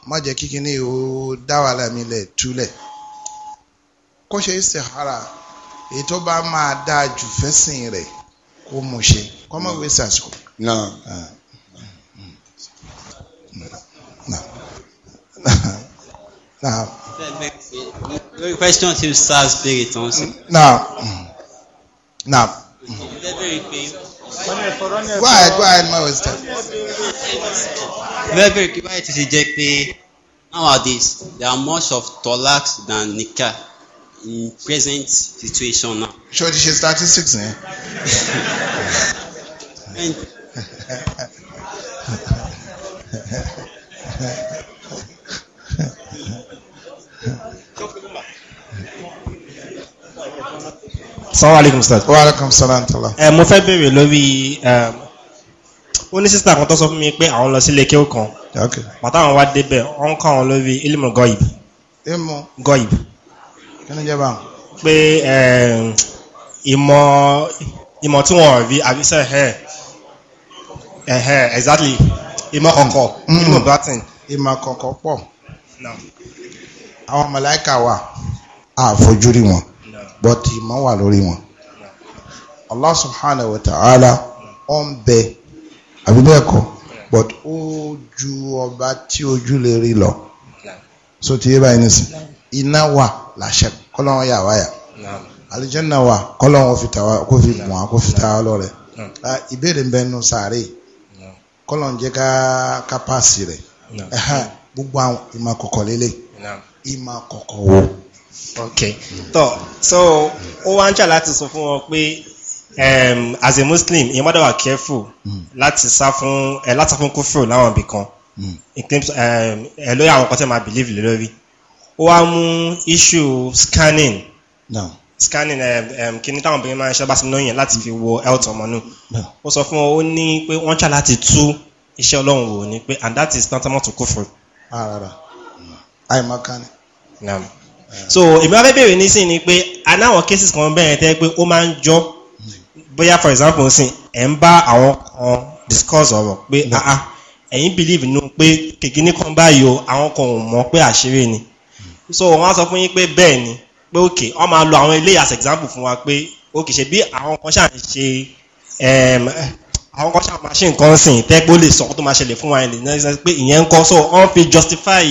má jẹ́ kí kíní o dá wàhálà mi lẹ̀ túlẹ̀ kó ṣe istikhara èyí tó bá máa dáa jù fẹ́sìn rẹ̀ kó mu ṣe kó má wé sàṣọ. Ah. lórí question tí sars béèrè tán sí. náà náà. ìbéèrè pé. Go ahead, my wisdom. Very, very kí wáyé ti ṣe jẹ́ pé nowadays there are much of talaq than Nika in present situation now. Ṣé o ti ṣe statistics yẹn? Eh? salaam aleykum salaam. wa aleykum salaam tala. ẹ eh, mo fẹ́ bèrè lórí eh, ó ní sísè àkọ́tọ́ sọ fún mi pé àwọn lọ sí ilé kéwù kan bàtà àwọn wá débẹ̀ ọ̀ ń kọ́ àwọn lórí ilmu goyib. ilmu goyib. kí ni jẹ́ bá wọn. pé eh, ìmọ̀ ìmọ̀ tí wọ́n rí àbísẹ̀ ẹ̀ ẹ̀ exactly ìmọ̀ kọ̀kọ̀ ìmọ̀ mm. batin. ìmọ̀ kọ̀kọ̀ pọ̀ àwọn màláíkà wà àfojúrí wọn but ìmọ̀ wà lórí wọn Allah subhanahu wa ta'ala ó ń bẹ àbí bẹ́ẹ̀ kọ́ but ó ju ọba tí ojú lè rí lọ so ti yé báyìí nísìn iná wà làṣẹ kọ́lọ́wọ́n yà wáyà alijanna wà kọ́lọ́wọ́n fi tàwa kó fi mọ̀ kó fi tàwa lọ́rẹ̀ ìbéèrè ń bẹ nù sàárè kọ́lọ́wọ́n jẹ́ ká ká paasi rẹ̀ gbogbo àwọn ìmọ̀ kọ̀kọ̀ lélẹ̀ ìmọ̀ kọ̀kọ̀ wò okay tọ so ó wá ń jà láti sọ fún wọn pé um, as a muslim ìyẹn gbọ́dọ̀ wà careful hmm. láti sá fún ẹ láti sá fún kúfúrò láwọn ibì kan hmm. ẹ lórí àwọn kan tẹ́ máa believe lé lórí ó wá mú issue scanning no. scanning kíní táwọn obìnrin máa ń ṣe bá sí lóyìn láti fi wo health ọmọ náà ó sọ fún ọ ó ní pé wọ́n ṣá láti tú iṣẹ́ ọlọ́run wò ni pé and that is tantamount to kúfúrò. Ah, àìmọ̀kan ni so ìbí wọn fẹ́ bèèrè nísìnyí ni pé anáwọn cases kan bẹ́ẹ̀ tẹ́ pé ó máa ń jọ bóyá for example nsìn ẹ̀ ń bá àwọn kan discuss ọ̀rọ̀ pé ah ah ẹ̀yin believe nu pé kìkíní kan báyìí o àwọn kan ò mọ̀ pé àṣírí ni mm-hmm. so wọ́n á sọ fún yín pé bẹ́ẹ̀ ni pé ok wọ́n máa lo àwọn eléyìí as example fún wa pé ok ṣe bí àwọn kan ṣáà ń ṣe ehm, àwọn kan ṣáà máa ṣe nǹkan sìn tẹ́ pé ó lè sọ tó máa ṣẹlẹ̀ fún wa ẹ̀ lè ní pé ìyẹn ń kọ́ so wọ́n fi justify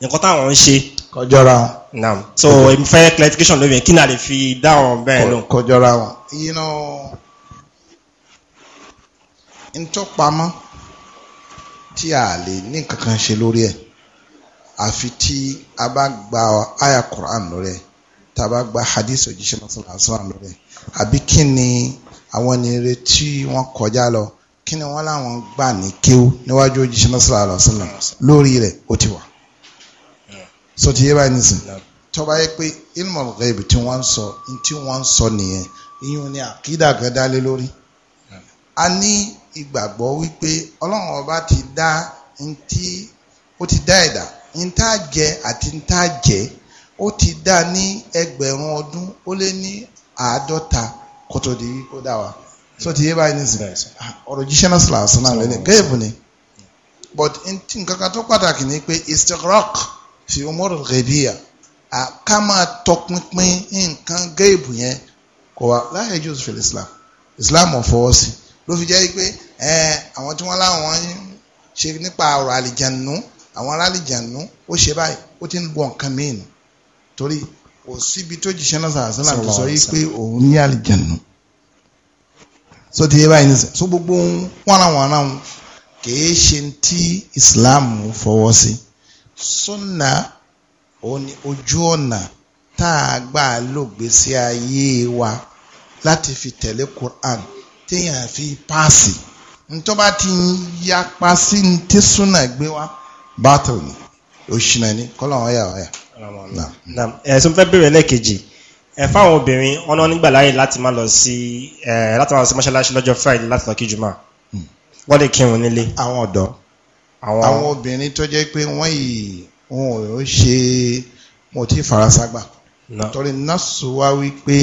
nǹkan táwọn ń ṣe kọjọra wọn. naam so n fẹ́ clarification lórí yẹn kí náà lè fi dáhùn bẹ́ẹ̀ lò. kọjọra wọn. you know ntọ́pamọ́ tí a lè ní kankan ṣe lórí ẹ̀ àfi tí a bá gba aya Qur'an lórí ẹ̀ tá a bá gba hadith òjíṣẹ́ lọ́sọ̀lọ́sọ̀rọ̀ lórí ẹ̀ àbí kí ni àwọn ènìyàn tí wọ́n kọjá lọ kí ni wọ́n láwọn gbà ní kéwú níwájú òjíṣẹ́ lọ́sọ̀lọ́sọ̀rọ̀ lórí rẹ̀ ó ti wà sọ ti yé báyìí nìsín tọ́ba yẹ pé ilmọ̀ gẹ̀ẹ́bì tí wọ́n ń sọ tí wọ́n ń sọ nìyẹn ìyún ni àkídà kan dálé lórí a ní ìgbàgbọ́ wípé ọlọ́run ọba ti dá ntí ó ti dá ẹ̀dá ntá jẹ àti ntá jẹ ó ti dá ní ẹgbẹ̀rún ọdún ó lé ní àádọ́ta kótó di kó dá wa so ti yé báyìí nísìnyí ọ̀rọ̀ jíṣẹ́ náà sọ̀rọ̀ àṣọ náà lẹ́nu gẹ́ẹ̀bù ni but nǹkan kan tó pàtàkì ni pé istikrak fi umar ghaibiya ká máa tọpinpin nǹkan géèbù yẹn kò wá láyé jù fil islam islam ò fọwọ́ sí ló fi jẹ́ pé àwọn tí wọ́n láwọn ṣe nípa ọ̀rọ̀ àlìjànú àwọn alálìjànú ó ṣe báyìí ó ti ń bọ̀ nǹkan míì nù torí kò síbi tó jíṣẹ́ náà sàásán náà tó sọ pé òun ní àlìjànú so ti yé báyìí ní so gbogbo wọn àwọn aráwọn kì í ṣe ti islam fọwọ́ sí. Si súnà òun ni ojú ọ̀nà tá a gbà lògbèsè ayé wa láti fi tẹ̀lé Quran téèyàn fi páàsì ntọ́ bá ti yapa sí ntí súnà gbé wa bátò ni òṣìnà ni kọ́lọ̀ wọn yà wáyà. ẹ̀sùn fẹ́ bẹ̀rẹ̀ lẹ́ẹ̀kejì ẹ fáwọn obìnrin wọn náà nígbà láàyè láti máa lọ sí láti máa lọ sí mọ́ṣáláṣí lọ́jọ́ Friday láti lọ kí jùmọ̀ hmm. wọ́n lè kírun nílé. àwọn ọ̀dọ́ àwọn obìnrin tó jẹ́ pé wọ́n yìí wọn ò ṣe mo ti farasagbà torí nọ́ọ̀sì wá wípé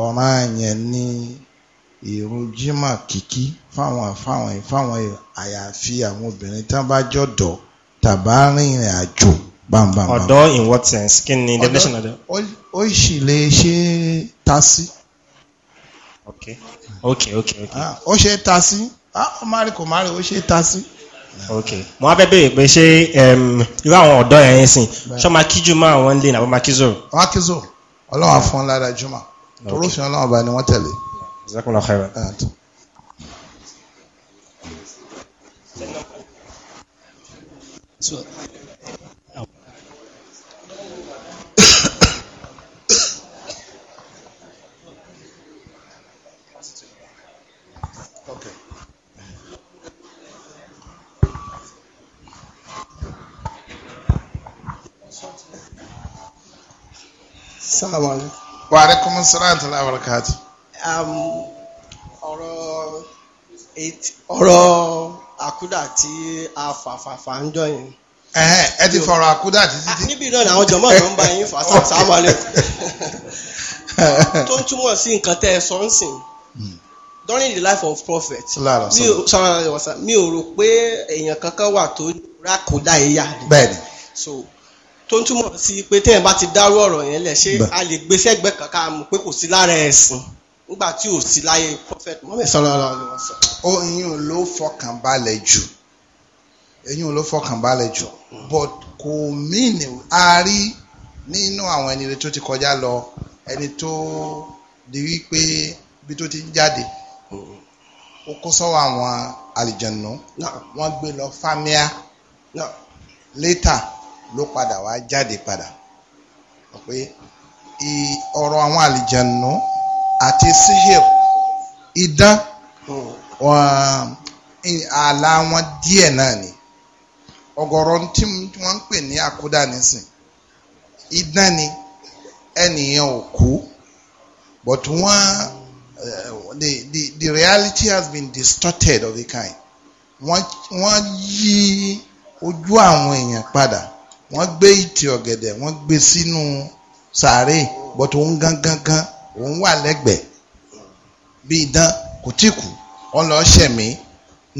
ọ̀ràn yẹn ni ìrun jimá kìkí fáwọn fáwọn fáwọn àyàfi àwọn obìnrin tán bá jọ̀dọ̀ tàbá rìnrìn àjò bámbámbá. ọ̀dọ́ in what sense kí ni definition ọ̀dọ́. ó sì lè ṣe tasí. ok ok ok ok. Ah, ó ṣe tasí ah, ó máa rí kò máa rí ó ṣe tasí ok mo wá fẹ́ bèèrè pé ṣé irú àwọn ọ̀dọ́ yẹn ń sìn ṣọ́ máa kí jùmọ̀ àwọn lè nàbọ̀ máa kí zoro. wọ́n á kí zoro ọlọ́wà fún lára jùmọ̀ torí òfin ọlọ́wà bá ni wọ́n tẹ̀lé. So, Assalamu alaikum. Wa alaikum salaam um, tó láwọn káàtì. Ọ̀rọ̀ àkúdà tí a fàfàfà ń jọ yẹn. Ẹ ti fọ̀rọ̀ àkúdà títí. Ah, Níbi náà làwọn jọmọ́ kan ń bá yín fà sá Assalamu alaikum. Tó ń túmọ̀ sí nǹkan tẹ́ ẹ sọ ń sìn hmm. during the life of prophet mi ò sọ mi ò rò pé èèyàn kankan wà tó rákòdá ẹ̀yà. Bẹ́ẹ̀ni. so tó ń túmọ̀ sí pé téèyàn bá ti dárú ọ̀rọ̀ yẹn lẹ̀ ṣé a lè gbé sẹ́gbẹ́ kan ká mọ̀ pé kò sí lára ẹ̀sìn nígbà tí ò sí láyé prophet Muhammad sallallahu alaihi wasallam. oyin ló fọkàn balẹ̀ jù eyín ló fọkàn balẹ̀ jù hmm. but kò mìíní a rí nínú àwọn ẹni tó ti kọjá lọ ẹni tó di wípé bí tó ti ń jáde hmm. ó kó sọ́wọ́ àwọn àlìjànnú wọ́n gbé lọ fámíà létà ló padà wá jáde padà pé ọ̀rọ̀ àwọn àlìjànú àti sihir idán ààlà wọn díẹ̀ náà ni ọ̀gọ̀rọ̀ tí wọ́n ń pè ní àkúdà nísìn idán ni ẹnìyàn ò kú but wọ́n eh, the the the reality has been distorted of a kind wọ́n wọ́n yí ojú àwọn èèyàn padà wọ́n gbé ìtì ọ̀gẹ̀dẹ̀ wọ́n gbé sínú sàárè bọ́tò òun gangan gan òun wà lẹ́gbẹ̀ẹ́ bí idán kò tí kù wọ́n lọ ṣẹ̀mí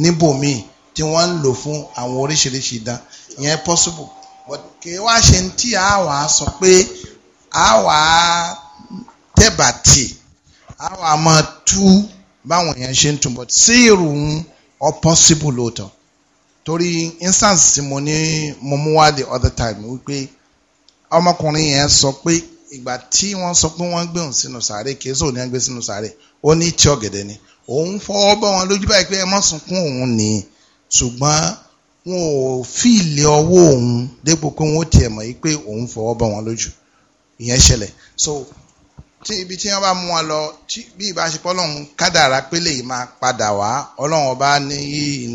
níbòmíì tí wọ́n ń lò fún àwọn oríṣiríṣi idán ìyẹn possible but kì í wá ṣe tí a wà á sọ pé a wà á tẹ̀bà tì a wà á máa tú báwọn yẹn ṣe ń tún bọ̀ sí ìrùn ọ possible lóòótọ́ torí instance tí mo ní mo mú wá the other time wípé ọmọkùnrin yẹn sọ pé ìgbà tí wọ́n sọ pé wọ́n gbé òun sínú sàárè kìí sóò ní gbé sínú sàárè ó ní tí ọ̀gẹ̀dẹ̀ ni òun fọwọ́ bọ́ wọn lójú báyìí pé ẹ má sunkún òun ni ṣùgbọ́n wọn ò fìlẹ̀ ọwọ́ òun dépò pé wọn ò tiẹ̀ mọ̀ yìí pé òun fọwọ́ bọ́ wọn lójú ìyẹn ṣẹlẹ̀ so tí ibi tí wọ́n bá mú wọn lọ bí ìbáṣepọ̀ ọlọ́run kádàrá pé lè máa padà wá ọlọ́run ọba ní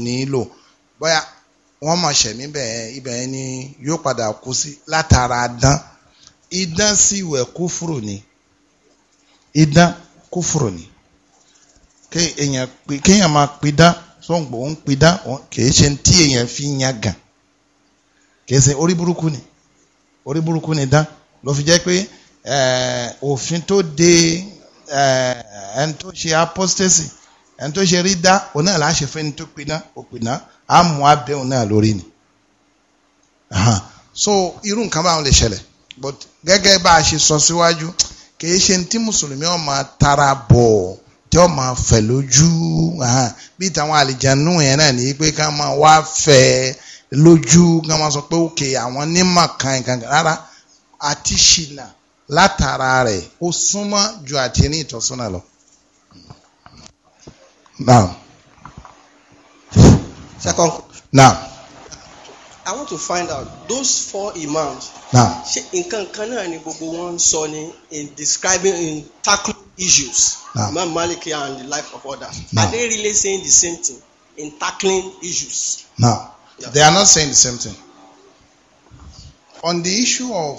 nílò bóyá wọ́n mọ̀ ṣẹ̀mí bẹ́ẹ̀ ibẹ̀ ni yóò padà kú sí látara dán idán sì wẹ̀ kúfùrù ni idán kúfùrù ni kéèyàn máa pidán sọ̀ǹgbò ń pidán kìí ṣe tí èèyàn fi yan gàn kìí ṣe orí burúkú ni orí burúkú ni dán ló fi jẹ́ pé òfin tó de ẹni tó ṣe apostasy ẹni tó ṣe rí dá òun náà láṣẹ fẹ́ni tó pidán òpinà á mú àdéhùn náà lórí ni so irú nǹkan báwọn lè ṣẹlẹ̀ but gẹ́gẹ́ bá a ṣe sọ síwájú kì í ṣe tí mùsùlùmí ó máa tara bọ̀ tí ó máa fẹ̀ lójú bí táwọn àlìjánu yẹn náà ní pé ká máa wá fẹ̀ lójú ká máa sọ pé òkè àwọn nímọ̀ kan nǹkan rárá àti ṣìnà látara rẹ̀ ó súnmọ́ ju àti ní ìtọ́sọ́nà lọ. Now. Second. Now. I want to find out those four imams. Now. Ṣé nǹkan kan náà ni gbogbo wọn sọ ni in describing in tackling issues. Now. Imam Maliki and the life of others. Now. Are they really saying the same thing in tackling issues? Now. Yeah. They are not saying the same thing. On the issue of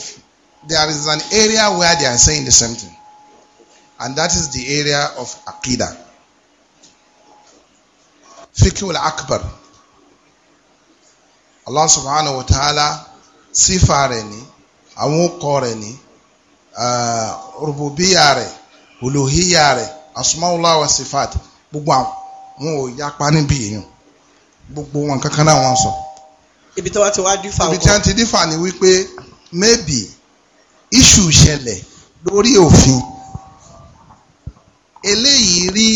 there is an area where they are saying the same thing. And that is the area of Aqidah. Fiqh al-Akbar Allah subhanahu wa ta'ala sífà rẹ̀ ní àwọn okọ̀ rẹ̀ ní eh, rububiya rẹ̀ olùhíyà rẹ̀ asumawula wa sifat gbogbo àwọn ò yapa níbi èèyàn gbogbo wọn kankan náà wọn sọ. ibi tí wọ́n ti wá dífà ọkọ ibi tí wọ́n ti dífà ni wípé maybe issue ṣẹlẹ̀ lórí òfin eléyìí rí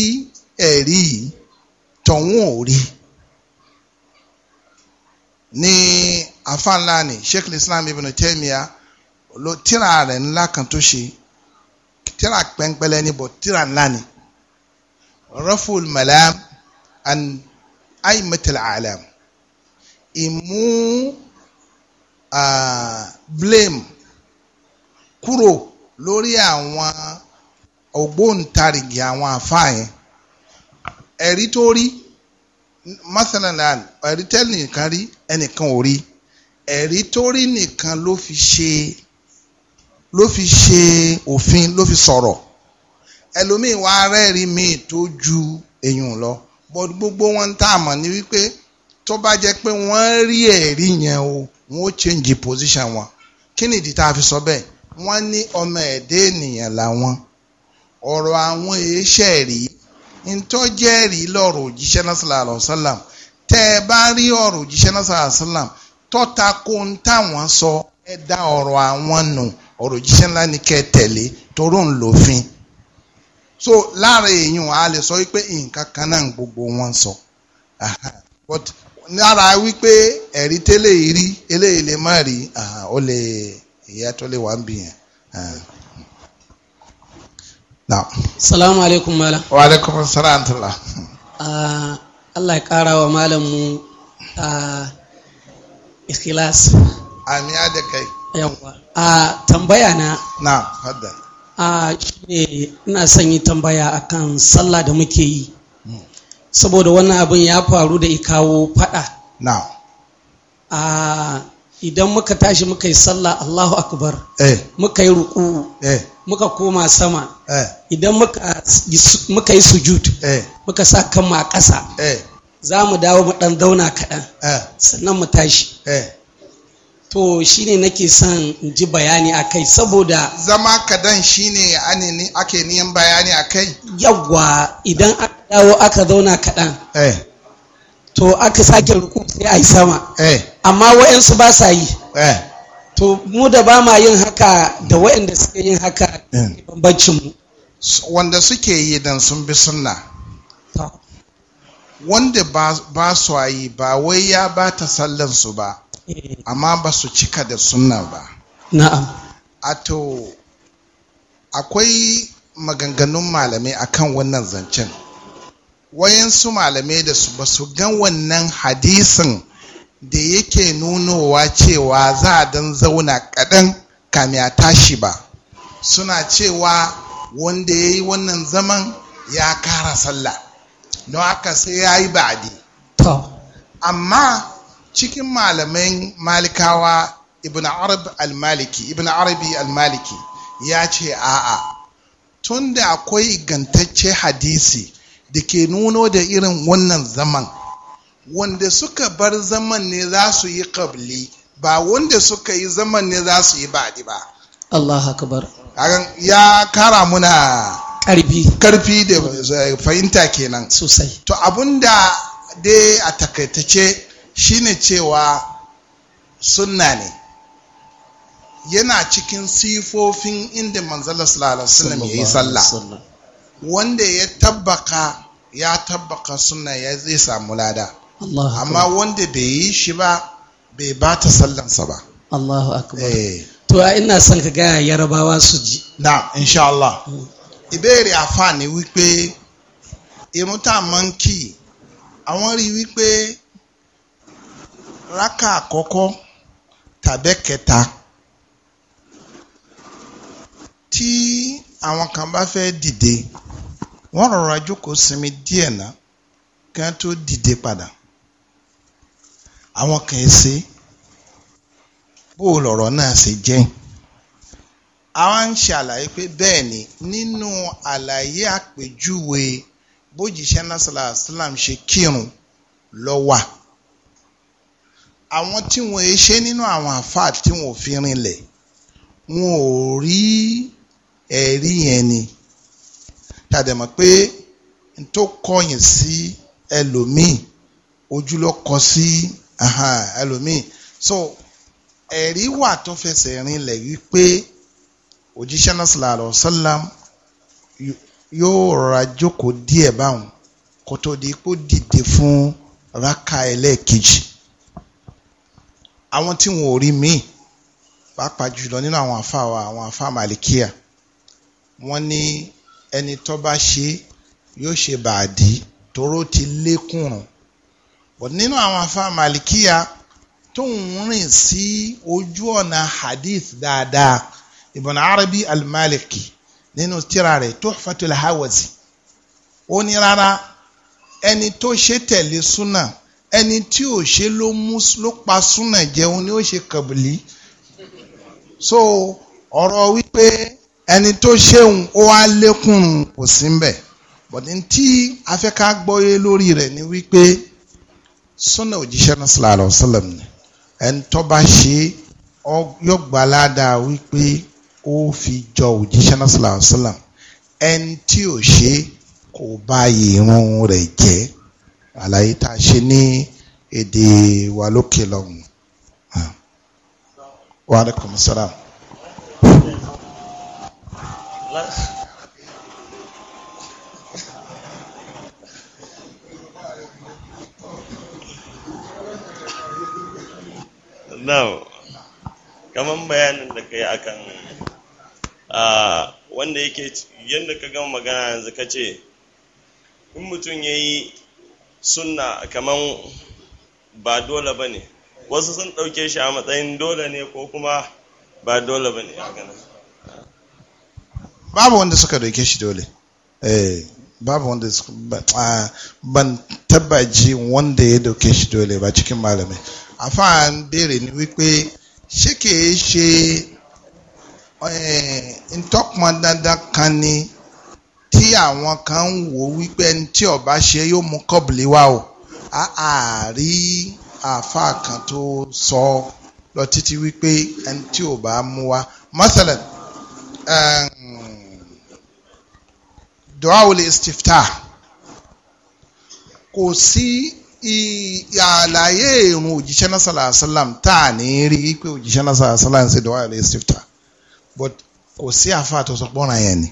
ẹ̀rí yìí tọ̀hún ò rí ní afanlani sheikh islam ibn Taymiyyah ló tíra rẹ̀ ńlá kan tó ṣe tíra pẹ́ńpẹ́lẹ́ ní bọ̀ tíra ńlá ni raful malam an aimatul alam ìmú uh, blame kúrò lórí àwọn ògbóǹtarìgì àwọn àfáà ẹ̀rí tó rí masalan ẹ̀rí tẹ́lẹ̀ nìkan rí ẹnìkan ò rí ẹ̀rí tó rí nìkan ló fi ṣe ló fi ṣe òfin ló fi sọ̀rọ̀ ẹlòmíín wá rẹ́rìí míì tó ju èyàn lọ but gbogbo wọn tá a mọ̀ ní wípé tó bá jẹ́ pé wọ́n rí ẹ̀rí yẹn o wọ́n ó change position wọn kí nìdí tá a fi sọ bẹ́ẹ̀ wọ́n ní ọmọ ẹ̀dá ènìyàn làwọn ọ̀rọ̀ àwọn èéṣẹ́ rí ntọ́jẹ́rìí lọ́rọ̀ òjíṣẹ́ náà sallallahu alaihi wasallam tẹ́ ẹ bá rí ọ̀rọ̀ òjíṣẹ́ náà sallallahu alaihi wasallam tọ́ta kó ń àwọn nù ọ̀rọ̀ òjíṣẹ́ ńlá ni kẹ́ tẹ̀lé toró ń lòfin so lára èèyàn a lè sọ wípé nǹkan kan náà gbogbo wọn sọ but lára wípé ẹ̀rí tẹ́lẹ̀ rí eléyìí lè má rí ó lè ìyá tó lè wá ń bì na'am assalamu alaikum malam wa alaikum assalam ah, Allah ya kara wa malam mu ah, ikhlas amiya da kai yawa a ah, tambaya na na'am hadda a ne ina son yi tambaya akan sallah da muke yi hmm. saboda wannan abin ya faru da ikawo fada na'am a idan muka tashi muka yi sallah Allahu akbar eh. muka yi ruku eh. muka koma sama eh. idan muka yi sujud muka sa kanmu a ƙasa za mu dawo mu ɗan zauna kaɗan sannan mu tashi to shine nake son in ji bayani a kai saboda zama kaɗan shine ake niyan bayani a kai yawwa idan aka dawo aka zauna kaɗan to aka sake ruku sai a yi sama amma wa'yansu ba sa yi eh. to mu da ba ma yin haka da wa'yanda suke yin haka eh. bambancin mu wanda suke yi dan sun bi sunna wanda ba su yi ba wai ya ba ta sallansu ba eh. amma ba su cika da sunna ba na'am to akwai maganganun malamai akan wannan zancen wayansu malamai da su ba su gan wannan hadisin da yake nunowa cewa za a dan zauna kaɗan kamya tashi ba suna cewa wanda ya yi wannan zaman ya kara sallah don haka sai ya yi ba'adi amma cikin malamin malikawa ibn arab al-maliki ibn arabi al-maliki ya ce a'a tunda akwai gantacce hadisi da ke nuno da irin wannan zaman wanda suka bar zaman ne za su yi kabli ba wanda suka yi zaman ne za su yi baɗi ba Allah akbar ya kara muna karfi karfi da fahimta kenan sosai to da dai a takaitace shine cewa sunna ne yana cikin sifofin inda manzala sallallahu ya yi sallah wanda ya tabbaka ya tabbaka sunna ya zai samu lada amma wanda bai yi shi ba bai ba ta sallansa ba Allahu akbar eh. to ina son ka gaya yarabawa su ji na insha Allah mm. ìbéèrè àfà ni wípé irun tá a máa ń kì í àwọn rí wípé rákà àkọ́kọ́ tàbẹ́ kẹta tí àwọn kan bá fẹ́ dìde wọ́n rọra jókòó sinmi díẹ̀ ná kí wọ́n tó dìde padà àwọn kìí ṣe bó lọ̀rọ̀ náà ṣe jẹ́ àwọn ń ṣe àlàyé pé bẹ́ẹ̀ ni nínú àlàyé àpèjúwe bójìṣẹ́ nasala islam ṣe kírun lọ́wà àwọn tí wọ́n ń ṣe nínú àwọn àfáà tí wọ́n ò fi rinlẹ̀ wọn ò rí ẹ̀rí yẹn ni tàdẹ̀mọ̀ pé n tó kọyìn sí ẹlòmíì ojú sí. Si ẹlòmíì so ẹ̀rí wà tó fẹsẹ̀ rinlẹ̀ wípé òjíṣẹ́ náà sallallahu alaihi wasallam yóò rọra jókòó díẹ̀ báwọn kó tó di kó dìde fún rákà ẹlẹ́ẹ̀kejì àwọn tí wọn ò rí míì pàápàá jùlọ nínú àwọn àfáà àwọn àfáà màlìkíyà wọn ní ẹni tó bá ṣe yóò ṣe bàdí toró ti lékùnrùn but nínú àwọn afá malikiya tóun rìn sí ojú ọ̀nà hadith dáadáa ibn arabi al-maliki nínú tírà rẹ̀ tuhfatul hawazi ó ní rárá ẹni tó ṣe tẹ̀lé súnà ẹni tí ò ṣe ló mú ló pa súnà jẹun ni ó ṣe kàbìlì so ọ̀rọ̀ wípé ẹni tó ṣeun ó wá lékún kò sí ń bẹ̀ tí afẹ́ká gbọ́yé lórí rẹ̀ ni wípé súnà òjíṣẹ́ náà sallallahu alaihi wasallam ni ẹni tó bá ṣe yóò gbà ládàá wípé ó fi jọ òjíṣẹ́ náà sallallahu alaihi wasallam ẹni tí ò ṣe kò bá ìrun rẹ̀ jẹ́ àlàyé tá a ṣe ní èdè wa lókè lọ́hùn. Wa alaikum Now, kamar bayanin da ka yi kan wanda yake yadda ka gama magana yanzu ka ce in mutum ya yi suna kamar ba dole ba ne wasu sun ɗauke shi a matsayin dole ne ko kuma ba dole ba ne babu wanda suka ɗauke shi dole eh, babu wanda ban tabbaji wanda ya ɗauke shi dole ba cikin malamai àfáà ń béèrè ni wípé ṣé kìí ṣe ntọ́pọn eh, dandan kan ni tí àwọn kan ń wò wípé ẹni tí ọba ṣe yóò mú kọ́bìlì wá o àárí àáfàá kan tó sọ lọ títí wípé ẹni tí ọba mú wá masalan eh, du'a ul istiftah kò sí àlàyé ìrun òjíṣẹ́ náà sàlàyé sàlàm tá à ní rí pé òjíṣẹ́ náà sàlàyé sàlàm ṣe dọ́wọ́ àlẹ́ stifta but kò sí àfa àtọ̀sọ̀ pọ́nra yẹn ni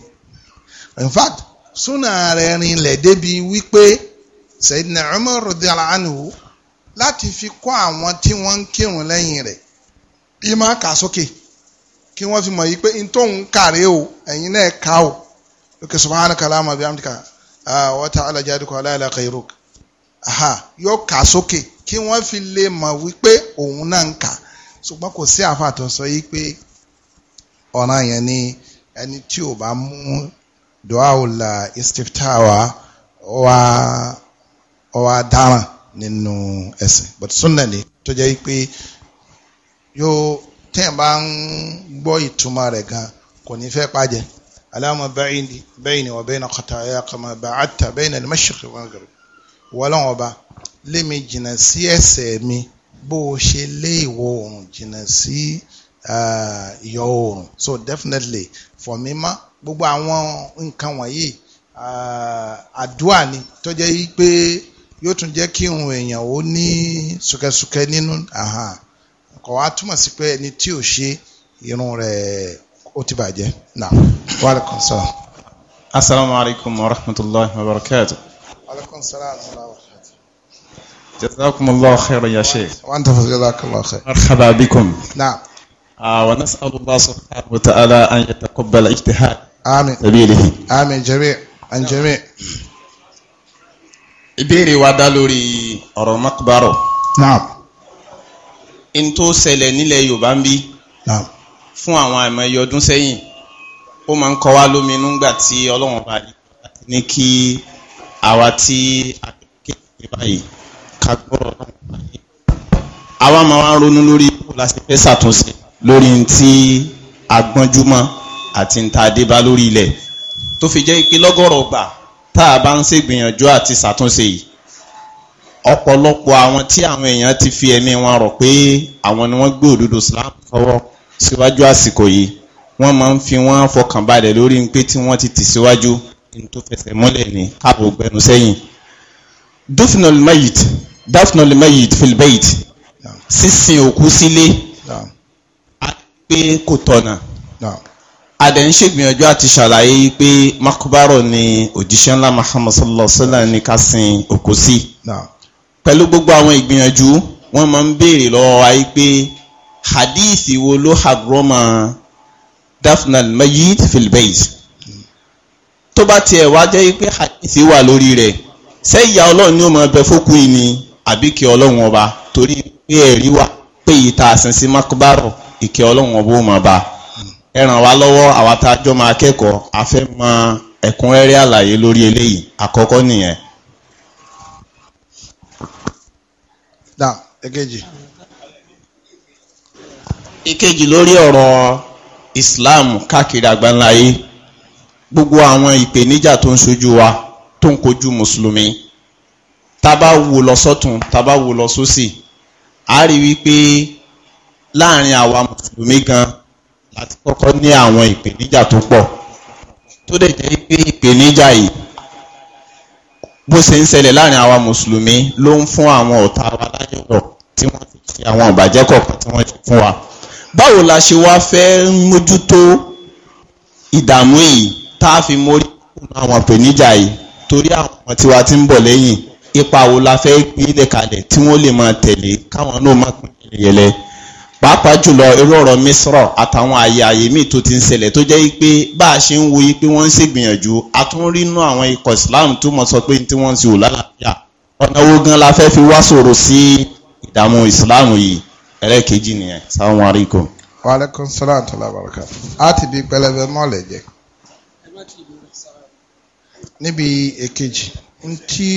in fact súnà rẹ̀ rinlẹ̀ débi wípé Sayyidina Umar radiyallahu anhu láti fi kọ́ àwọn tí wọ́n ń kírun lẹ́yìn rẹ̀ bí máa kà sókè kí wọ́n fi mọ̀ yí pé n tóun kàrí o ẹ̀yin náà ká o lókè subhanaka Allahumma bihamdika wa ta'ala jaduka la ilaha ghayruk yóò kà sókè kí wọ́n fi lè mọ̀ wípé òun náà ń kà ṣùgbọ́n kò sí àáfàá tó sọ yìí pé ọ̀ràn yẹn ni ẹni tí ò bá mú duaula istiftawa wa wa dáràn nínú ẹ̀sìn but sunna ni tó jẹ́ pé yóò tẹ́yìn bá ń gbọ́ ìtumọ̀ rẹ̀ gan kò ní fẹ́ pàjẹ́ aláwọ̀ bẹ́ẹ̀ ni wọ́n bẹ́ẹ̀ ni kọ́tà ẹ̀yà kọ́mọ bẹ́ẹ̀ àtà bẹ́ẹ̀ ni mashriqi wal maghrib wọ́lọ́wọ́n ọba lé jìnnà sí ẹ̀ṣẹ̀ mi bó o ṣe lé ìwọ̀ oòrùn jìnnà sí ìyọ̀ oòrùn so definitely for me ma gbogbo àwọn nǹkan wọ̀nyí àdúrà ni tó jẹ́ pé yóò tún jẹ́ kí òun èèyàn ó ní sùkẹ́sùkẹ́ nínú kò wá túmọ̀ sí pé ẹni tí ò ṣe irun rẹ̀ ó ti bàjẹ́ náà wàlúkọ̀ sọ. asalaamualeykum wa rahmatulahi wa barakatuh alaikum salaam wa جزاكم الله خيرا يا شيخ وانت جزاك الله خير مرحبا بكم نعم آه ونسال الله سبحانه وتعالى ان يتقبل اجتهاد امين سبيله امين جميع عن جميع ìbéèrè wa dá lórí ọ̀rọ̀ makbaro. naam. n tó ṣẹlẹ̀ nílẹ̀ yorùbá ń bí. naam. fún àwọn àìmọye ọdún sẹ́yìn ó máa ń kọ́ wa lóminú nígbà tí ọlọ́run bá ní kí àwa tí a kéèké báyìí ká gbọ́rọ̀ náà báyìí àwa máa ń ronú lórí bó la ṣe fẹ́ ṣàtúnṣe lórí ti agbọ́njúmọ́ àti níta adébá lórí ilẹ̀ tó fi jẹ́ pé lọ́gọ́rọ̀ gbà tá a bá ń ṣègbìyànjú àti ṣàtúnṣe yìí ọ̀pọ̀lọpọ̀ àwọn tí àwọn èèyàn ti fi ẹ̀mí wọn rọ̀ pé àwọn ni wọ́n gbé òdodo Islam fọwọ́ síwájú àsìkò yìí wọ́n máa ń fi wọ́n fọkànbalẹ̀ lórí pé tí wọ́n ti tì Si n tó fẹsẹ̀ mọ́lẹ̀ ní káàbò gbẹnu sẹ́yìn dufnul mayit dufnul mayit filbayit sísìn òkú sílé a pé kò tọ̀nà adẹ̀ ń ṣègbìyànjú àti ṣàlàyé pé makubaro ni òjíṣẹ́ ńlá muhammad sallallahu alaihi wa sallam ní ká sin òkú sí pẹ̀lú gbogbo àwọn ìgbìyànjú wọ́n máa ń béèrè lọ́wọ́ wa pé hadithi wo ló hagroma dafnal mayit filbayit. tó bá tiẹ̀ wá jẹ́ pé àkíyèsí wà lórí rẹ̀ sẹ́yà ọlọ́run ni ó máa bẹ yìí ni àbí kí ọba torí pé ẹ̀rí wà pé yìí ta àsìn sí makubaro ìkẹ́ ọlọ́run ọba ó bá ẹ ràn wá lọ́wọ́ àwa tá a jọ máa kẹ́kọ̀ọ́ a fẹ́ ẹ̀kúnrẹ́rẹ́ àlàyé lórí eléyìí àkọ́kọ́ nìyẹn. dà gbogbo àwọn ìpèníjà tó ń ṣojú wa tó ń kojú mùsùlùmí tábà wo lọ sọ́tún tábà wo lọ sósì a rí wípé láàrin àwa mùsùlùmí gan láti kọ́kọ́ ní àwọn ìpèníjà tó pọ̀ tó dẹ̀ jẹ́ pé ìpèníjà yìí bó ṣe ń ṣẹlẹ̀ láàrin àwa mùsùlùmí ló ń fún àwọn ọ̀tá wa láyọ̀rọ̀ tí wọ́n ti ṣe àwọn ìbàjẹ́ kọ̀ọ̀kan tí wọ́n ṣe fún wa báwo la ṣe wá fẹ́ mójútó ìdààmú yìí tá a fi mórí kùnà àwọn àpèníjà yìí torí àwọn ọmọ tiwa ti ń bọ̀ lẹ́yìn ipa wo la fẹ́ gbélé kalẹ̀ tí wọ́n lè máa tẹ̀lé káwọn náà má pín yẹlẹyẹlẹ pàápàá jùlọ irú ọ̀rọ̀ mísọ̀rọ̀ àtàwọn àyè àyè míì tó ti ń ṣẹlẹ̀ tó jẹ́ pé bá a ṣe ń wo yí pé wọ́n ń ṣègbìyànjú a tún rí inú àwọn ikọ̀ Islam tó mọ̀ sọ pé tí wọ́n ń ṣe ò lálàáfíà ọ̀nà wo la fẹ́ fi wá sọ̀rọ̀ sí ìdààmú Islam yìí ẹlẹ́ẹ̀kejì nìyẹn sáwọn aríkò. wàhálà kọ́ńsálà àtàlà bàràkà á ti di pẹlẹbẹ mọ́ọ̀lẹ̀ níbi èkejì ntí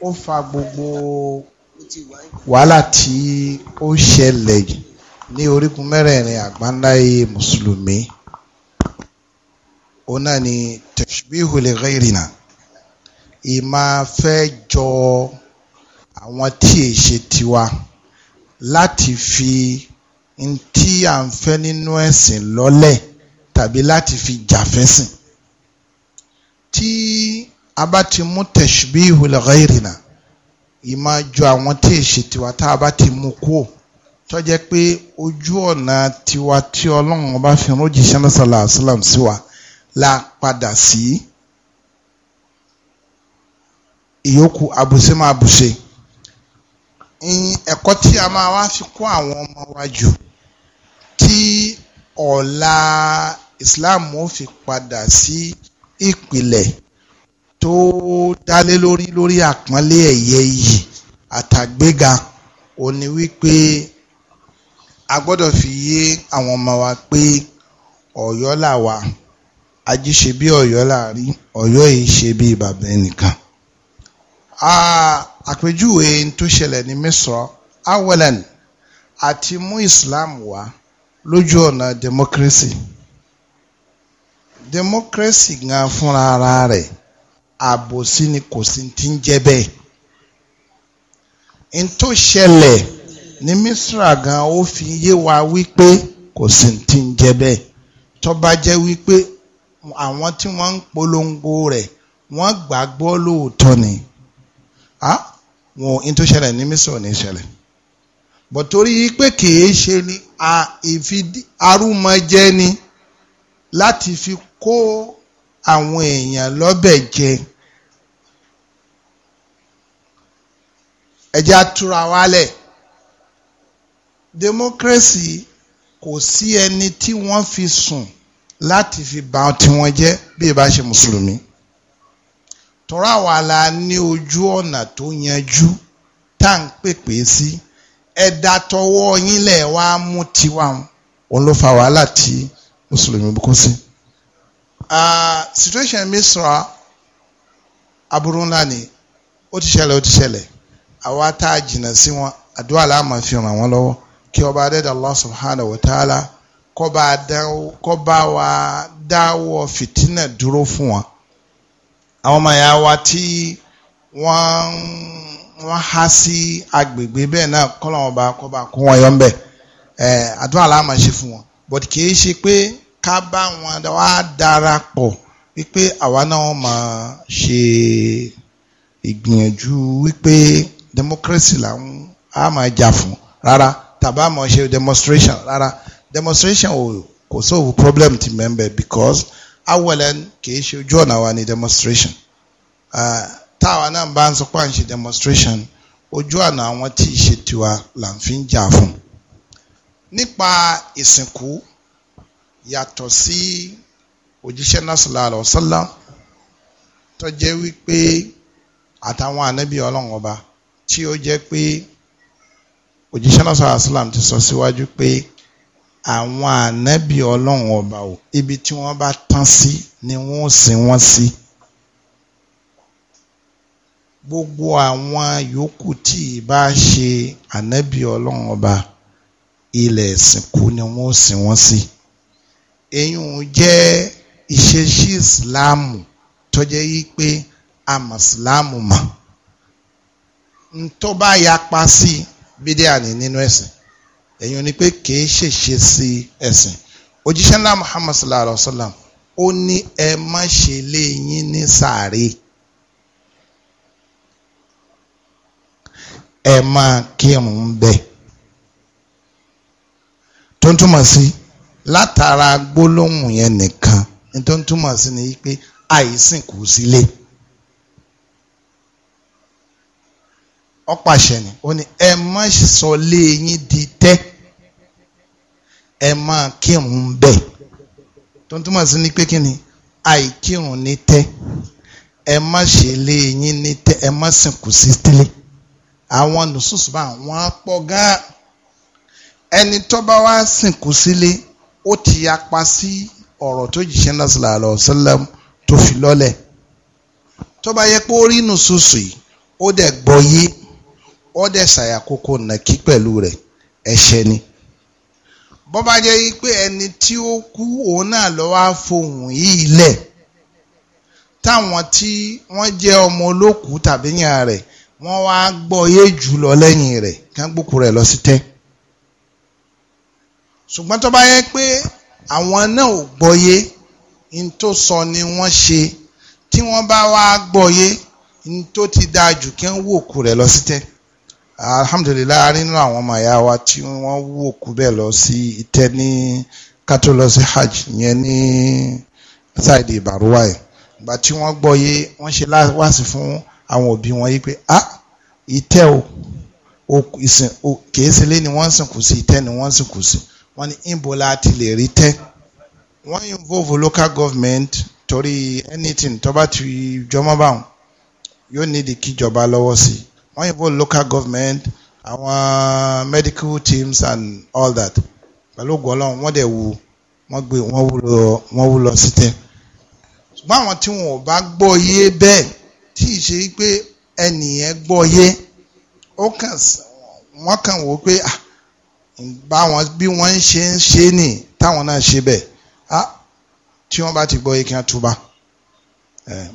ó fa gbogbo wàhálà tí ó ṣẹlẹ̀ ní orígun mẹ́rẹ̀ẹ̀rin àgbáńláyé mùsùlùmí ó náà ni tashbihu li ghayrina ìmá fẹ́ jọ àwọn tí è ṣe tiwa láti fi ntí à ń fẹ́ nínú ẹ̀sìn lọ́lẹ̀ tàbí láti fi jàfẹ́sìn tí a bá ti mú tashbihul ghayrina ìmá jọ àwọn tí èsì tiwa tá a bá ti mú kúò tó jẹ́ pé ojú ọ̀nà tiwa tí ọlọ́run bá fi rójìṣẹ́ náà sallallahu sí wa la padà sí ìyókù àbùsẹ́ máa bùsẹ́ ẹ̀kọ́ tí a máa wá fi kó àwọn ọmọ wa jù tí ọ̀la Islam ó fi padà sí. Si, ìpìlẹ̀ tó dálé lórí lórí àpọ́nlé ẹ̀yẹ yìí àtàgbéga òní wípé a gbọ́dọ̀ fi yé àwọn ọmọ wa pé ọ̀yọ́ là wà ají ṣe bí ọ̀yọ́ láàrí ọ̀yọ́ yìí ṣe bí bàbá ẹnìkan. àpèjúwe tó ṣẹlẹ̀ ní Misra awalan àti mú Islam wá lójú ọ̀nà democracy democracy gan fúnra ara rẹ̀ àbòsí ni kò sí ti ń jẹ́ bẹ́ẹ̀ n tó ṣẹlẹ̀ ní misra gan ó fi yé wa wípé kò sí ti ń jẹ́ bẹ́ẹ̀ tó bá jẹ́ wípé àwọn tí wọ́n ń polongo rẹ̀ wọ́n gbàgbọ́ lóòótọ́ ni wọn n tó ṣẹlẹ̀ ní misra ò ní ṣẹlẹ̀ bọ̀ torí pé kìí ṣe ni àrùmọjẹ ni láti fi kó àwọn èèyàn lọ́bẹ̀ jẹ ẹjẹ́ àtúra wálẹ̀ democracy kò sí ẹni tí wọ́n fi sùn láti fi bà tiwọn jẹ́ bí ìbá ṣe mùsùlùmí tọ́ra wa la ní ojú ọ̀nà tó yanjú tá à ń pèpè sí ẹ̀dá tọwọ́ yín lẹ̀ wá mú tiwa òun ló fa wàhálà tí mùsùlùmí kó sí. Uh, situation Misra aburú ńlá ni ó ti ṣẹlẹ̀ ó ti ṣẹlẹ̀ àwa tá a jìnnà sí wọn àdúrà láàmà fi ràn wọ́n lọ́wọ́ kí ọba adẹ́dà Allah subhanahu wa ta'ala kọ́ bá wa dáwọ́ fìtínà dúró fún wọn. àwọn ọmọ ìyá wa tí wọ́n wọ́n há sí agbègbè bẹ́ẹ̀ náà kọ́ làwọn kó wọn yọ ń bẹ̀ eh, àdúrà láàmà ṣe fún wọn but kì í ṣe pé ká bá wọn wá darapọ̀ wípé àwa náà máa ṣe ìgbìyànjú wípé democracy là ń á máa jà fún rárá tàbá máa ṣe demonstration rárá demonstration ò kò sóòwò problem ti mẹ́mbẹ̀ because awọ́lẹ̀ kì í ṣe ojú ọ̀nà wa ni demonstration táwa náà bá ń sọ pé à ń ṣe demonstration ojú ọ̀nà àwọn tí ì ṣe tiwa là ń fi ń jà fún nípa ìsìnkú yàtọ̀ sí òjíṣẹ́ náà sallallahu alaihi wasallam tó jẹ́ wípé àtàwọn ànábì ọlọ́run ọba tí ó jẹ́ pé òjíṣẹ́ náà sallallahu ti sọ síwájú pé àwọn ànábì ọlọ́run ọba ò ibi tí wọ́n bá tán sí ni wọ́n sin wọ́n sí. gbogbo àwọn yòókù tí ìbá ṣe ànábì ọlọ́run ọba ilẹ̀ ìsìnkú ni wọ́n sin wọ́n sí. Si èyún jẹ́ ìṣesí ìsìláàmù tó jẹ́ yí pé a mọ̀ ìsìláàmù mọ̀ ntọ́ bá yapa sí bídíà ní nínú ẹ̀sìn èyún ni pé kìí ṣèṣe sí ẹ̀sìn òjíṣẹ́ ńlá Muhammad sallallahu alayhi wa sallam ó ní ẹ má ṣe ní sàárè ẹ kírun bẹ́ẹ̀ tó ń Si, látara gbólóhùn yẹn nìkan ní tó ń túmọ̀ sí ni pé àìsìnkú sílé. ọ̀pàṣẹ ni ó ní ẹ má sọ lé yín di tẹ́ ẹ má kírun bẹ́ẹ̀ tó túmọ̀ sí ni pé kí ni àìkírun ní tẹ́ ẹ má ṣe lé yín ní tẹ́ ẹ má sìnkú sí sílé àwọn nùsùsù bá wọn pọ̀ gan ẹni tó bá wá sìnkú sílé ó ti apá sí ọ̀rọ̀ tó jìṣẹ́ náà sallallahu alaihi wasallam tó fi lọ́lẹ̀ tó bá yẹ pé ó rí nùsùsù yìí ó dẹ̀ gbọ́ yé ó dẹ̀ ṣàyàkókò nàkí pẹ̀lú rẹ̀ ẹ̀ṣẹ̀ ni bó bá jẹ́ pé ẹni tí ó kú òun náà lọ wá fohùn yìí lẹ̀ táwọn tí wọ́n jẹ́ ọmọ olókùú tàbí yàn rẹ̀ wọ́n wá gbọ́ yé jù lẹ́yìn rẹ̀ kán rẹ̀ lọ sí tẹ́ ṣùgbọ́n tó bá yẹ pé àwọn náà ò gbọ́yé n tó sọ ni wọ́n ṣe tí wọ́n bá wá gbọ́yé n tó ti dáa jù kí wọ́n wò kú rẹ̀ lọ sí tẹ́ alhamdulilayi arínú àwọn ọmọ ìyá wa tí wọ́n wò kú bẹ́ẹ̀ lọ sí ìtẹ́ ní kátó hajj yẹn ní sáìdì ìbàrúwá yìí tí wọ́n gbọ́yé wọ́n ṣe láwàsí fún àwọn òbí wọn yìí pé ah ìtẹ́ o ìsìn kèésìlé ni wọ́n sìnkú sí ìtẹ́ ni wọ́n sìnkú sí wọ́n ní ìbòlá ti lè rí tẹ́ wọ́n involve local government torí anything tó bá ti jọmọ́ báwọn yóò need kíjọba lọ́wọ́ sí wọ́n involve local government our medical teams and all that pẹ̀lú gọ́lọ́n wọ́n dẹ̀ wù wọ́n gbé wọ́n wù lọ wọ́n wù lọ sí tẹ́ ṣùgbọ́n àwọn tí wọn ò bá gbọ́ yé bẹ́ẹ̀ tí ì ṣe pé ẹnìyẹn gbọ́ yé ó kàn wọ́n pé ah báwọn bí wọ́n ń ṣe ń ṣe nì táwọn náà ṣe bẹ́ẹ̀ á tí wọ́n bá ti gbọ́ yìí kí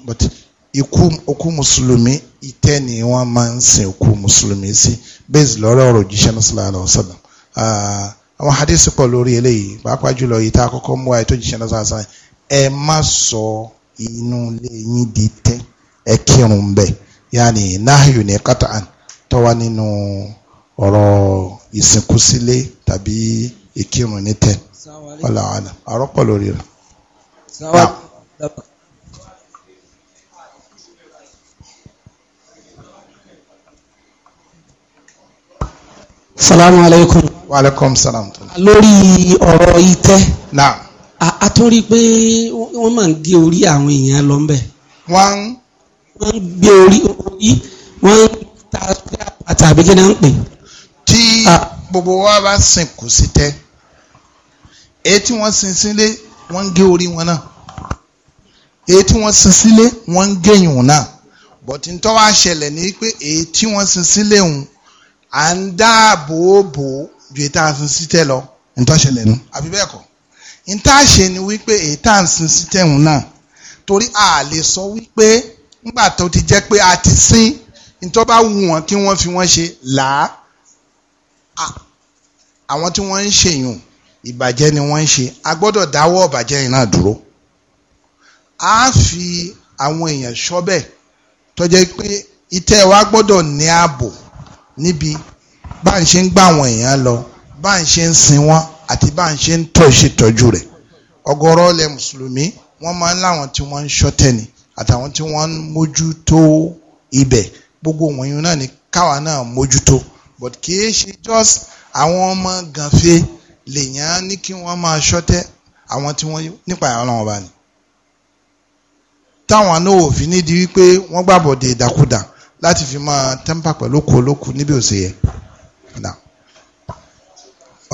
but ikú òkú mùsùlùmí ìtẹ́ ni wọ́n máa ń sin òkú mùsùlùmí sí bẹ́ẹ̀ lọ́rọ̀ ọ̀rọ̀ jíṣẹ́ náà sallallahu alaihi wasallam àwọn hadisi pọ̀ lórí eléyìí pàápàá jùlọ yìí tá a kọ́kọ́ mú àyè tó jíṣẹ́ náà sallallahu alaihi wasallam ẹ má sọ inú ilé yín di tẹ́ ẹ kírun bẹ́ẹ̀ yáà ní nahyu ní kátà tó nínú ọ̀rọ̀ ìsìnkú sílé tàbí ìkírun ní tẹ ọlà àná àrọ́pọ̀ lórí rẹ̀. salamu aleykum. wa aleykum salam. lórí ọ̀rọ̀ itẹ́. na. a tún rí i pé wọ́n máa ń gé orí àwọn èèyàn lọ ńbẹ̀. wọ́n. wọ́n gbé orí orí wọ́n ta tàbí kí ni wọ́n ń pè tí gbogbo wa bá sìnkú sí tẹ́ èyí tí wọ́n sin sílé wọ́n ń gé orí wọn náà èyí tí wọ́n sin sílé wọ́n ń gé ìhùn náà bọ̀tí ń tọ́wọ́ àṣẹlẹ̀ ní pé èyí tí wọ́n sin sílé òun à ń dáàbò bò ju èyí tá a sin sí tẹ́ lọ ń tọ́ṣẹlẹ̀ nu àbí bẹ́ẹ̀ kọ́ ń tá a ṣe ni wípé èyí tá a sin sí tẹ́ òun náà torí a lè sọ wípé ńgbà tó ti jẹ́ pé a ti sin ń tọ́ bá wù wọ́n kí wọ́n fi wọ́n ṣe làá àwọn tí wọ́n ń ṣe ìbàjẹ́ ni wọ́n ń ṣe a gbọ́dọ̀ dáwọ́ ìbàjẹ́ yìí náà dúró a fi àwọn èèyàn ṣọ́bẹ̀ tọ́jẹ́ pé ìtẹ́ wa gbọ́dọ̀ ní ààbò níbi bá ń ṣe ń gbà àwọn èèyàn lọ bá ń ṣe ń sin wọn àti bá ń ṣe ń tọ́ ìṣètọ́jú rẹ̀ ọ̀gọ̀rọ̀ ilẹ̀ mùsùlùmí wọ́n máa ń láwọn tí wọ́n ń ṣọ́tẹ̀ ni àtàwọn tí wọ́n ń mójútó ibẹ̀ gbogbo wọ̀nyí náà ni káwa náà mójútó but kì í ṣe just àwọn ọmọ gànfe lèèyàn ní kí wọ́n máa ṣọ́tẹ́ àwọn tí wọ́n nípa Ọlọ́run ọba ni táwọn náà ò fi ní di wípé wọ́n gbàbọ̀ de ìdàkudà láti fi máa tẹ́ḿpà pẹ̀lú okò olókù níbi òsè yẹ.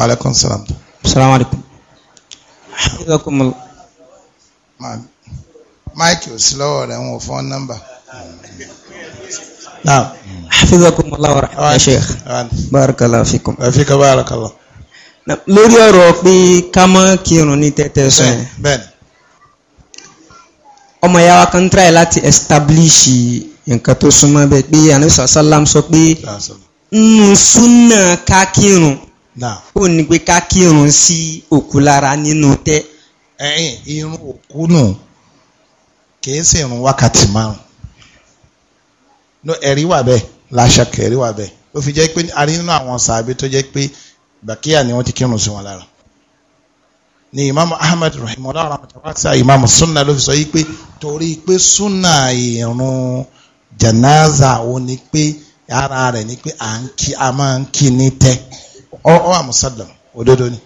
Aleykum salaam. Salaamu aleykum. Máìkì ò sí lọ́wọ́ rẹ̀ ń wò fún nọ́mbà. نعم حفظكم الله ورحمه يا شيخ بارك الله فيكم فيك بارك الله lórí ọ̀rọ̀ pé ká mọ́ kírun ní tẹ́tẹ́ sọ yẹn ọmọ ìyá wa kan try láti establish nǹkan tó súnmọ́ bẹ́ẹ̀ pé anisa salam sọ pé nínú súnà ká kírun ó ní pé ká kírun sí òkú lára nínú tẹ́. irun òkú nù kì í sì rún wákàtí márùn ẹ̀rí wà bẹ́ẹ̀ láṣà kẹ̀rí wà bẹ́ẹ̀ ó fi jẹ́ pé a rí nínú àwọn sàbí tó jẹ́ pé bàkíyà ni wọ́n ti kírun sí wọn lára ni imaamu ahmed rahim ọlọ́run àmọ̀tàwáṣá imaamu sunna ló fi sọ yí pé torí pé sunna ìrun janaza ó ní pé ara rẹ̀ ní pé à ń kí a máa ń kí ní tẹ́ ọ́ ọ́ òdodo ni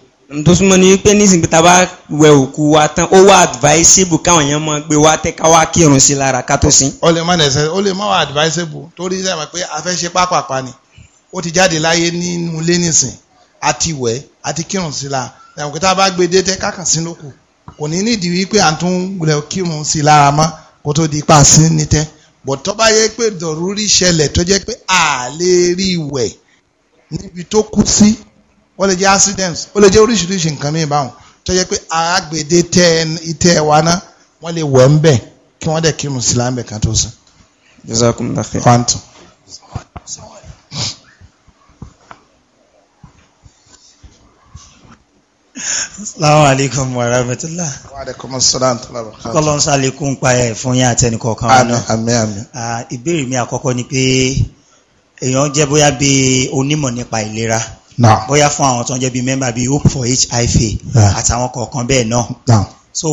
tó súnmọ́ ni wípé nísìnyí tá a wẹ òkú wa tán ó wà advisable káwọn èèyàn máa gbé wa tẹ́ ká wá kírun sí lára ká tó sin. ó lè má nẹ̀sẹ̀ ó lè má wà advisable torí sẹ́yìn pé a pápápá ni ó ti jáde láyé nínú ilé nìsín àti wẹ̀ àti kírun sí la sẹ́yìn pé tá a bá gbé dé tẹ́ kákan sí lóko kò ní nídìí wípé à ń tún gbọ́dọ̀ kírun sí lára mọ́ kó tó di pa sí ní tẹ́ bọ̀ tó bá yẹ pé dọ̀rúrí ṣẹlẹ̀ tó jẹ́ pé à rí wẹ̀ níbi tó kú sí ó lè jẹ́ accidents ó lè jẹ́ oríṣiríṣi nǹkan mìíràn báwọn tó jẹ́ pé àgbèdè tẹ ìtẹ́ wa ná wọ́n lè wẹ̀ ń bẹ̀ kí wọ́n dẹ̀ kírun sí láńbẹ̀ kan tó sùn. jazakumullah khair. kwantum. Salaam wa rahmatullah. Wa alaikum assalam wa rahmatullah. Kọ́lọ́n pa ẹ̀ fún yín àti ẹnì kọ̀ọ̀kan wa náà. Ìbéèrè mi àkọ́kọ́ ni pé èèyàn jẹ́ bóyá bí onímọ̀ nípa ìlera bóyá fún àwọn tó ń jẹ́ bí mẹ́mbà bí hope for hiv ah. àtàwọn kọ̀ọ̀kan bẹ́ẹ̀ náà so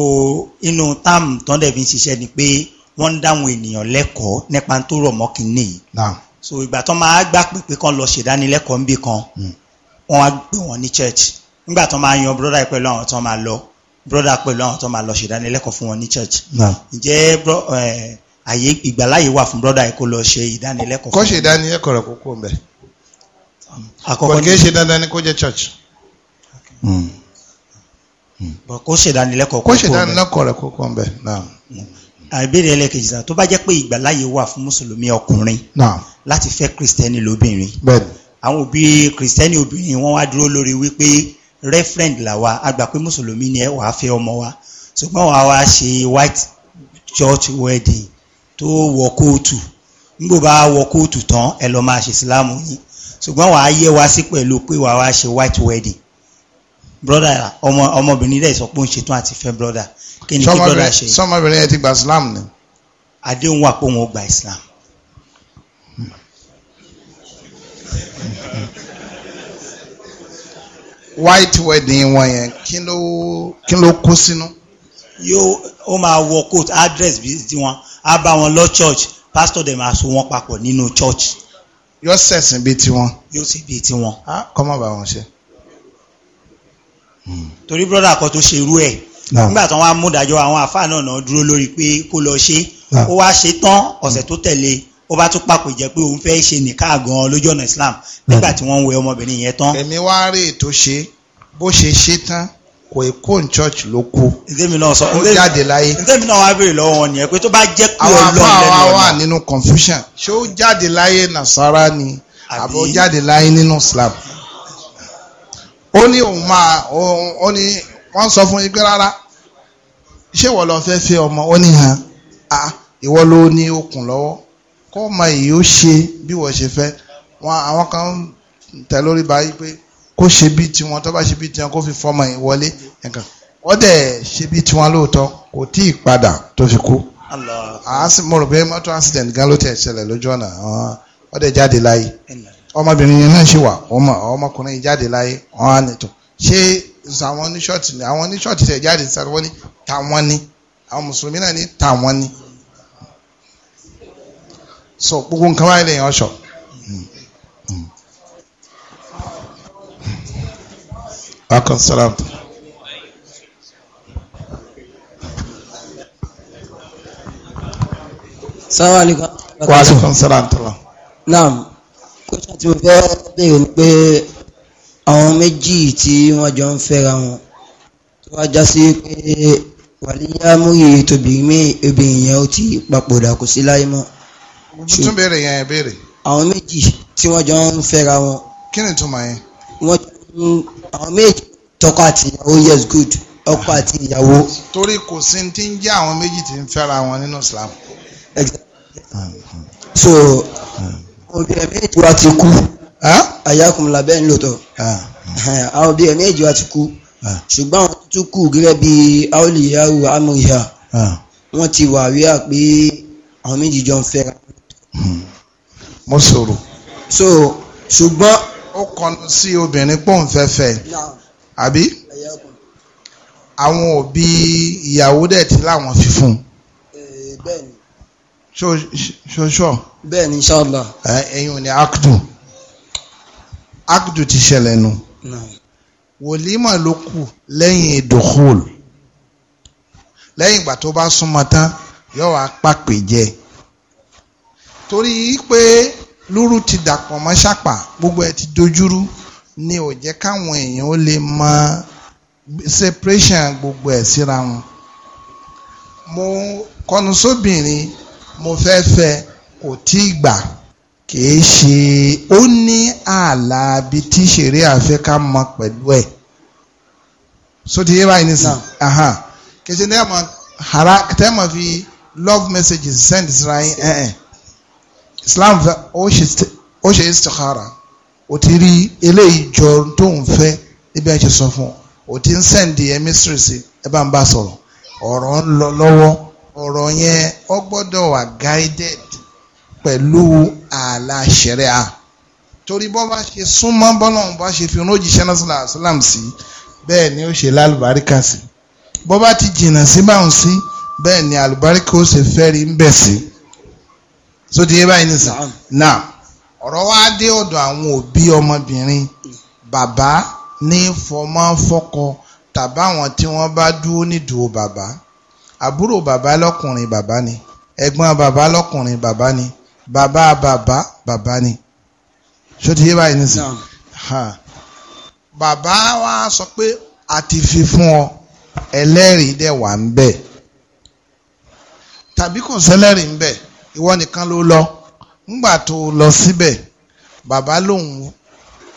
inú táàmù tó ń dẹ̀ fi ń ṣiṣẹ́ ni pé wọ́n ń dáwọn ènìyàn lẹ́kọ̀ọ́ nípa tó rọ̀ mọ́ kínní so ìgbà tó máa gbà pé kán lọ ṣèdánilẹ́kọ̀ọ́ níbì kan hmm. wọ́n á gbé wọn ní church nígbà tó máa yan broda pẹ̀lú àwọn tó máa lọ broda pẹ̀lú àwọn tó máa lọ ṣèdánilẹ́kọ̀ọ́ fún wọn ní church ǹjẹ́ eh, àyè ìgbàláyè wà fún broda kó lọ ṣe ìdánilẹ́kọ̀ọ́. kó ṣe ìdánilẹ́kọ̀ọ́ rẹ̀ kókó mbẹ́ àkọ́kọ́ kì í ṣe dandan ni kó jẹ́ church. bọ̀ kó ṣèdánilẹ́kọ̀ọ́ kó ṣèdánilẹ́kọ̀ọ́ rẹ̀ kó kọ́ ńbẹ. àìbéèrè ẹlẹ́kejì sàn tó bá jẹ́ pé ìgbàláyè wà fún mùsùlùmí ọkùnrin láti fẹ́ kristẹni lóbìnrin àwọn òbí kristẹni obìnrin wọn wá dúró lórí wípé referend làwa a gbà pé mùsùlùmí ni ẹ wàá fẹ́ ọmọ wa ṣùgbọ́n wàá wá ṣe white church wedding tó wọ kóòtù nígbò bá wọ kóòtù tán ẹ e lọ máa ṣe ìsìláàmù yín ṣùgbọ́n wàá yẹ wá sí pẹ̀lú pé wàá wá ṣe white wedding broda ọmọ ọmọbìnrin rẹ̀ sọ pé ó ń ṣetán àti fẹ́ broda kí ni kí broda ṣe. sọmọbìnrin yẹn ti gba islam ni. àdéhùn wà pé òun ó gba islam. white wedding wọn yẹn kí ló kí ló kó sínú. yóò ó máa wọ coat address bí tiwọn á bá wọn lọ church pastor dem á so wọn papọ̀ nínú church yóò ṣẹ̀sìn bíi tiwọn. yóò sì bíi tiwọn. Ah, kọ́mọ̀ bá wọn ṣe. Hmm. torí brọ́dà kan tó ṣe irú ẹ̀ nígbà tí wọ́n á mú ìdájọ́ àwọn àfáà náà náà dúró lórí pé kó lọ ṣe ó wá ṣe tán ọ̀sẹ̀ tó tẹ̀lé ó bá tún papò jẹ́ pé òun fẹ́ ṣe nìka gan lójú ọ̀nà Islam nígbà tí wọ́n ń wẹ ọmọbìnrin yẹn tán. èmi wá rí ètò ṣe bó ṣe ṣe tán kò ì kó ní church ló kú ó jáde láyé. ǹtẹ́mi náà wá béèrè lọ́wọ́ wọn nìyẹn pé tó bá jẹ́ pé ọlọ́run lẹ́nu ọ̀nà. àwọn àwa wà nínú confusion ṣé ó jáde láyé nàṣàrà ni àbí ó jáde láyé nínú Islam. ó ní òun máa ó ní wọ́n sọ fún yín pé rárá ṣé ìwọ lọ fẹ́ fẹ́ ọmọ ó ní hàn á ìwọ ló ní okùn lọ́wọ́ kó ọmọ yìí ó ṣe bí wọ́n ṣe fẹ́ àwọn kan tẹ̀ lórí báyìí pé kó ṣe bí tiwọn tó bá ṣe bí tiwọn kó fi fọmọ yìí wọlé nǹkan wọ́n dẹ̀ ṣe bí tiwọn lóòótọ́ kò tí ì padà tó fi kú. mo rò pé mọ́tò accident gan ló tẹ̀ ṣẹlẹ̀ lójú ọ̀nà wọ́n dẹ̀ jáde láyé ọmọbìnrin yẹn náà ṣì wà ọmọkùnrin yìí jáde láyé wọ́n á nìtò ṣé àwọn oníṣọ́ọ̀tì ni àwọn oníṣọ́ọ̀tì tẹ̀ jáde sáré wọ́n ní tàwọn ni àwọn mùsùlùmí náà ní tàwọn ni. so gbogbo nǹkan wáyé lè yàn ọ̀ṣọ́. akọ salam. sáwọn àlekún. wàá sọ fún salam tó lọ. naam kóṣà tí mo fẹ́ béèrè ni pé àwọn méjì tí wọ́n jọ ń fẹ́ra wọn tó wá já sí pé wàlíyá múyè tóbìnrin obìnrin yẹn ó ti papòdà kò sí láyé mọ́. mo tún béèrè yẹn béèrè. àwọn méjì tí wọ́n jọ ń fẹ́ra wọn. kí ni ìtumọ̀ yẹn. wọ́n jọ àwọn méjì tọkọ àti ìyàwó yes good ọkọ àti ìyàwó. torí kò sí ti ń jẹ́ àwọn méjì tí ń fẹ́ra wọn nínú Islam. so obìnrin méjì wa ti kú ayakum labẹ́ ńlọtọ̀ àwọn obìnrin méjì wa ti kú ṣùgbọ́n àwọn tó kù gẹ́gẹ́ bí aoliyahu amuriya wọ́n ti wà rí à pé àwọn méjì jọ ń fẹ́ra. Hmm. mo sọ̀rọ̀. so ṣùgbọ́n ó kọnu sí obìnrin pòǹfẹ́fẹ́ àbí àwọn òbí ìyàwó dẹ̀ tí láwọn fi fún un. Eh, bẹ́ẹ̀ni. ṣoṣọ. bẹ́ẹ̀ni inshallah. ẹyin ni akdu akdu ti ṣẹlẹ̀ nu. wòlímà ló kù lẹ́yìn dùkúl lẹ́yìn ìgbà tó bá súnmọ́ tán yóò wá pàpè jẹ torí pé lúrú ti dàpọ̀ mọ́ ṣàpà gbogbo ẹ̀ ti dojúrú ni ò jẹ́ káwọn èèyàn ó lè mọ separation gbogbo ẹ̀ síra wọn. mo kọnu sóbìnrin mo fẹ́ fẹ́ kò tí ì gbà kìí ṣe ó ní ààlà bí tí ṣeré àfẹ́ ká mọ pẹ̀lú ẹ̀ sóti yé báyìí nísìnyí kìí ṣe ní ẹ̀ mọ̀ fi love messages send síra yín Islam fẹ́ ó ṣe istikhara ó ti rí eléyìí jọ tó ń fẹ́ níbi ẹ̀ ṣe sọ fún ọ ó ti ń sẹ́ǹdì ẹ̀mí sírì sí ẹ bá ń bá sọ̀rọ̀ ọ̀rọ̀ ń lọ lọ́wọ́ ọ̀rọ̀ yẹn ọ gbọ́dọ̀ wà guided pẹ̀lú ààlà ṣẹ̀ríà torí bọ́ bá ṣe súnmọ́ bọ́lọ́hún bá ṣe fi rójìṣẹ́ náà sàlám sí bẹ́ẹ̀ ni ó ṣe lálùbáríkà sí bọ́ bá ti jìnnà sí báwọn sí bẹ́ẹ̀ ni àlùbáríkà ó ṣe fẹ́ rí ń bẹ̀ sí so ti yé báyìí nìsín now ọ̀rọ̀ wa dé ọ̀dọ̀ àwọn òbí ọmọbìnrin bàbá ní fọmọ fọkọ tàbá àwọn tí wọ́n bá dúró nídùú bàbá àbúrò bàbá lọ́kùnrin bàbá ni ẹ̀gbọ́n bàbá lọ́kùnrin bàbá ni bàbá bàbá bàbá ni so ti yé báyìí ha bàbá wa sọ pé a ti fi fún ọ ẹlẹ́rìí dẹ̀ wà ń bẹ̀ tàbí kò sẹ́lẹ́rìí ń bẹ̀ ìwọ nìkan ló lọ ńgbà tó lọ síbẹ̀ bàbá lòun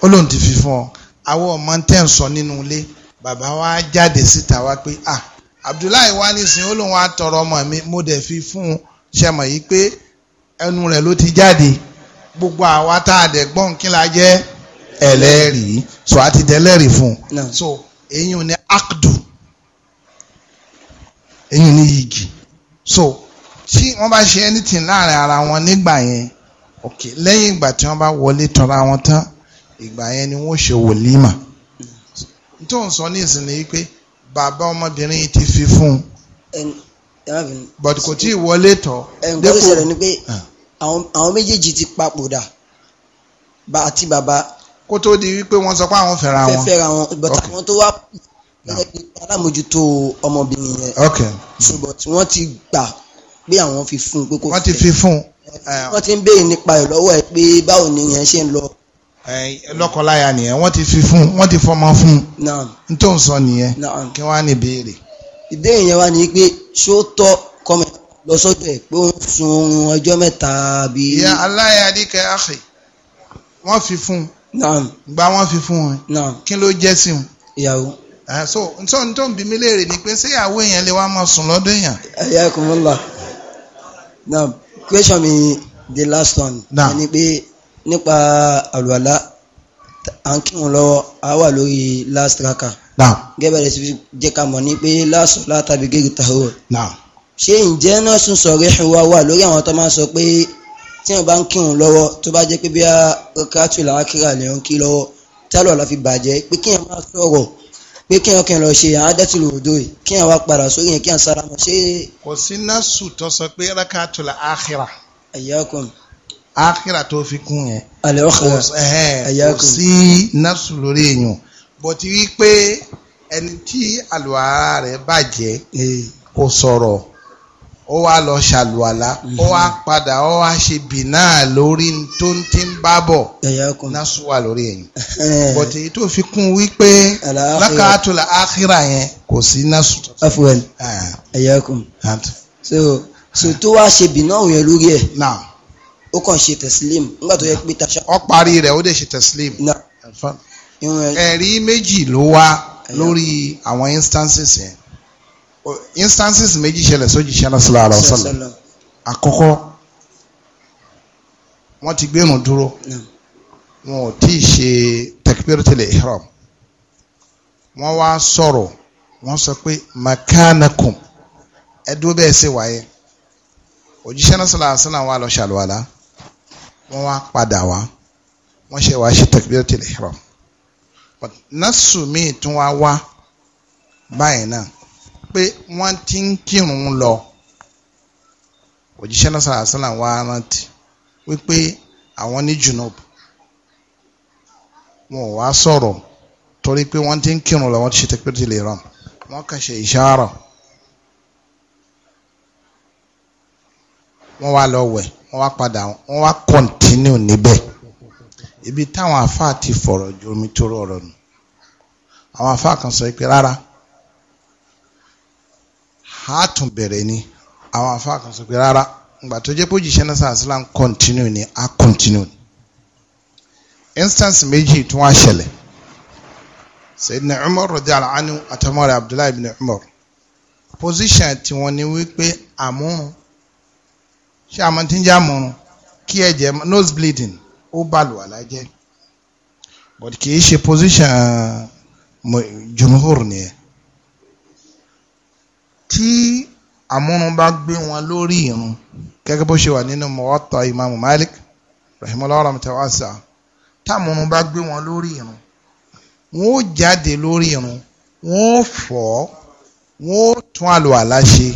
ó lòun ti fi fún ọ àwọn ọmọ tẹ̀ ń sọ nínú ilé bàbá wa jáde síta wá pé ah Abdullahi wa nísìn ó lòun wá tọrọ ọmọ mi mo dẹ̀ fi fún un ṣe mọ̀ yìí pé ẹnu rẹ̀ ló ti jáde gbogbo àwa tá a dẹ̀ gbọ́n kí la jẹ́ ẹlẹ́rìí so a ti dẹ́lẹ́rìí fún un so èyí ni akdu èyí ni yìgì so tí wọ́n bá ṣe anything láàrin ara wọn nígbà yẹn ok lẹ́yìn ìgbà tí wọ́n bá wọlé tọ́ra wọn tán ìgbà yẹn ni wọ́n ṣe wòlímà tó ń sọ ní ìsìn ni pé bàbá ọmọbìnrin yìí ti fi fún un but kò tí ì wọlé tọ́. nǹkan tó ṣẹlẹ̀ ni pé ah. àwọn méjèèjì ti papòdà àti bàbá. kó tó di wípé wọ́n sọ pé àwọn fẹ́ra wọn. fẹ́ra wọn but àwọn tó wá alámòjútó ah. ọmọbìnrin yẹn. ṣùgbọ́n tí wọ́n ti gbà pé àwọn fi fún un pé kò fẹ́. wọ́n ti fi fún un. wọ́n ti ń béèrè nípa ẹ̀ lọ́wọ́ ẹ̀ pé báwo ni ìyẹn ṣe ń lọ. lọ́kọláya nìyẹn wọ́n ti fi fún un wọ́n ti fọmọ fún un. n tó ń sọ nìyẹn kí wọ́n á ní béèrè. ìbéèrè yẹn wá ní pé ṣó tọ́ kọ́mọ lọ sọ́dọ̀ ẹ̀ pé ó ń sun oorun ọjọ́ mẹ́ta bí. ìyá aláyàdíkẹ́ àṣẹ wọ́n fi fún un. gba wọ́n fi fún un. kí ló jẹ́ sí un. ìyàwó so ntọ́ ntọ́ bí mi léèrè ni pé ṣé ìyàwó èèyàn lè wá máa sùn lọ́dọ̀ èèyàn. ayé kò now question me the last one. now ẹni pé nípa àlùwàlá à ń kírun lọ́wọ́ a wà lórí last tracker. now gẹ́gẹ́ rẹ̀ sì fi jẹ́ ká mọ̀ ní pé last solar tàbí gẹ́gẹ́ tàwọ̀. now ṣé ǹjẹ́ náà sùn sọ̀rọ̀ ẹ̀hìn wa wà lórí àwọn tó máa ń sọ pé tí wọn bá ń kírun lọ́wọ́ tó bá jẹ́ pé bí a kátó làwọn kíra lè ń kí lọ́wọ́ tálọ̀ la fi bàjẹ́ pé kí wọn máa sọ̀rọ̀ pé kí ẹ kẹ́ lọ ṣe àádẹ́tìlú òdo yìí kí ẹ wá padà sórí yẹn kí ẹ sára mọ́ ṣé. kò sí násù tó sọ pé rákàtúlà àkìrà. ayyakum. àkìrà tó fi kún yẹn. alẹ́ ọ̀kọ̀ ayyakum. kò sí násù lórí èèyàn bọ̀tí wípé ẹni tí àlùwàrà rẹ̀ bàjẹ́ kò sọ̀rọ̀ ó wá lọ ṣàlùwàlá ó wá padà ó wá ṣe bìnà lórí tó ń ti ń bá bọ̀ násù wà lórí ẹ̀yìn bọ̀tẹ̀ èyí tó fi kún wípé lákàtúlà ákírà yẹn kò sí násù. afuwẹl ẹyẹkùn so so tó wá ṣe bìnà òyìn lórí ẹ ó kàn ṣe tẹsílìm nígbà tó yẹ pé tàṣà. ó parí rẹ̀ ó dẹ̀ ṣe tẹsílìm ẹ̀rí méjì ló wá lórí àwọn instances yẹn instances méjì ṣẹlẹ̀ sójìṣẹ́ lọ́sọ̀lá àlọ́sọ̀lá àkọ́kọ́ wọ́n ti gbẹ̀rùn dúró wọn ò tí ì ṣe takbiratul ihram wọ́n wá sọ̀rọ̀ wọ́n sọ pé makanakum ẹdúró bẹ́ẹ̀ ṣe wáyé òjíṣẹ́ náà sọ̀rọ̀ àṣìlá wa lọ ṣàlùwàlá wọ́n wá padà wá wọ́n ṣe wá ṣe takbiratul ihram násù míì tún wá wá báyìí náà pé wọ́n ti ń kírun lọ òjíṣẹ́ náà sàrà sàlà wà rántí wípé àwọn ní junub wọn ò wá sọ̀rọ̀ torí pé wọ́n ti ń kírun lọ wọ́n ti ṣe tẹ́pẹ́ ti lè ràn wọ́n kàn ṣe ìṣàrà wọ́n wá lọ wẹ̀ wọ́n wá padà wọ́n wá kọ́ntínú níbẹ̀ ibi táwọn afáà ti fọ̀rọ̀ ju omi tó rọrọ̀ nù àwọn afáà kan sọ pé rárá Ha tún bẹ̀rẹ̀ ni àwọn afa kan sọ pé rárá ìgbà tó jẹ́ pé òjìṣẹ́ náà sàn continue ni a continue ni instance méjì tún wá ṣẹlẹ̀ Sayyidina Umar radiyallahu anhu àtọmọ́rẹ̀ Abdullahi bin Umar position tí wọ́n ní wípé àmúrun ṣé àmọ́ tí kí ẹ̀jẹ̀ nose bleeding ó bàlùwà lájẹ́ but kì í ṣe position eh, jumhur nìyẹn tí àmúrun bá gbé wọn lórí irun gẹ́gẹ́ bó ṣe wà nínú Muwatta Imam Malik rahimahullah rahmatan wasa táàmúrun bá gbé wọn lórí irun wọn ó jáde lórí irun wọn ó fọ wọn ó tún àlùwàlá ṣe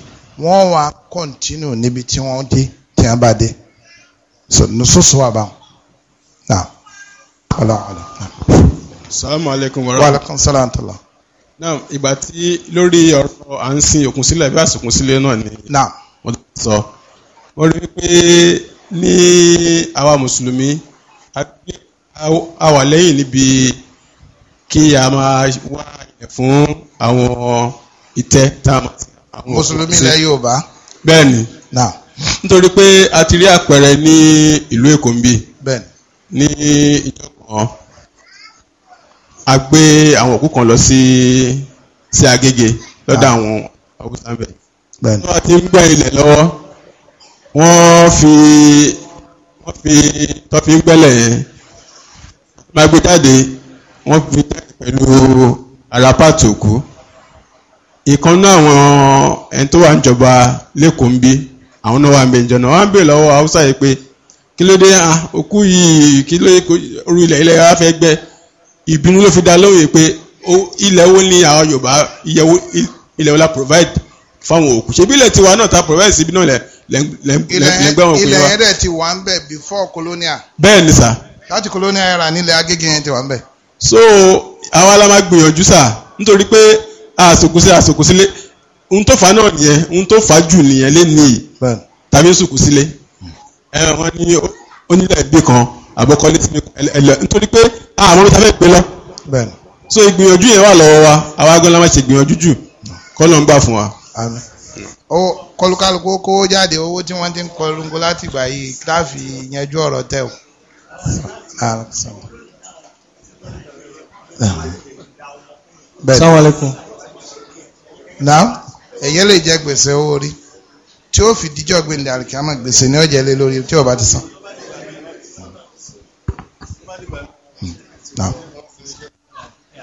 wọn wá kọ́ntínú níbi tí wọ́n dé tí wọ́n bá dé nususu wa báwọn. Naam. Ala ala. Salaamaleykum wa rahmatulah. Wa salaam wa rahmatulah náà ìgbà tí lórí ọ̀rọ̀ à ń sin òkun sílẹ̀ bí àsìkún sílẹ̀ náà ni mo ti sọ mo rí pé ní àwa mùsùlùmí a wà lẹ́yìn níbi kí a máa wá ilẹ̀ fún àwọn ìtẹ́ tá a máa ti àwọn mùsùlùmí ilẹ̀ Yorùbá. bẹ́ẹ̀ ni nítorí pé a ti rí àpẹẹrẹ ní ìlú Èkó ń bí ní ìjọ kan a gbé àwọn òkú kan lọ sí sí Agége lọ́dọ̀ ah. àwọn haúsá bẹ̀. tí wọ́n ti ń gbẹ́ ilẹ̀ lọ́wọ́ wọ́n fi wọ́n fi tó fi ń gbẹ́lẹ̀ yẹn máa gbé jáde wọ́n fi jáde pẹ̀lú àràpàtì òkú. ìkan náà àwọn ẹni tó wà níjọba lẹ́kọ̀ọ́ ń bí àwọn náà wà ń bẹ ìjọba wọ́n á bèèrè lọ́wọ́ haúsá yìí pé kí ló dé òkú yìí kí ló dé orí ilẹ̀ ilẹ̀ wa fẹ́ gbẹ́ ìbínú ló fi dá lóye pé ilẹ̀ ni àwọn Yorùbá ìyẹ̀wò ilẹ̀ la provide fáwọn òkú ṣebí ilẹ̀ tiwa náà ta provide síbi náà lẹ́gbẹ́ wọn kò yẹ wa. ilẹ̀ yẹn ti wà ń bẹ̀ before colonial. bẹ́ẹ̀ ni sà. láti colonial era nílẹ̀ Agége yẹn ti wà ń bẹ̀. so àwa la máa gbìyànjú sà nítorí pé àsòkùsí àsòkùsílé ohun tó fà náà nìyẹn ohun tó fà jù nìyẹn lé nìyí tàbí sùkùsílé ẹ wọn ní onílẹ̀ àbọ̀kọ́lé tí ẹlẹ́ nítorí pé àwọn olùtà fẹ́ pé lọ. so ìgbìyànjú yẹn wà lọ́wọ́ wa àwa gan la máa ṣe ìgbìyànjú jù kọ́ ló ń gbà fún wa. kọlùkálùkù kó jáde owó tí wọ́n ti ń kọlùkù láti gbà yìí kíláàfì yanjú ọ̀rọ̀ tẹ̀ o. Assalamu Na? Now, èyí lè jẹ gbèsè owó rí tí ó fi díjọ́ gbèndé àlùkìyàmọ̀ gbèsè ní ọ̀jẹ̀ lé lórí tí ó ti san. Não. É,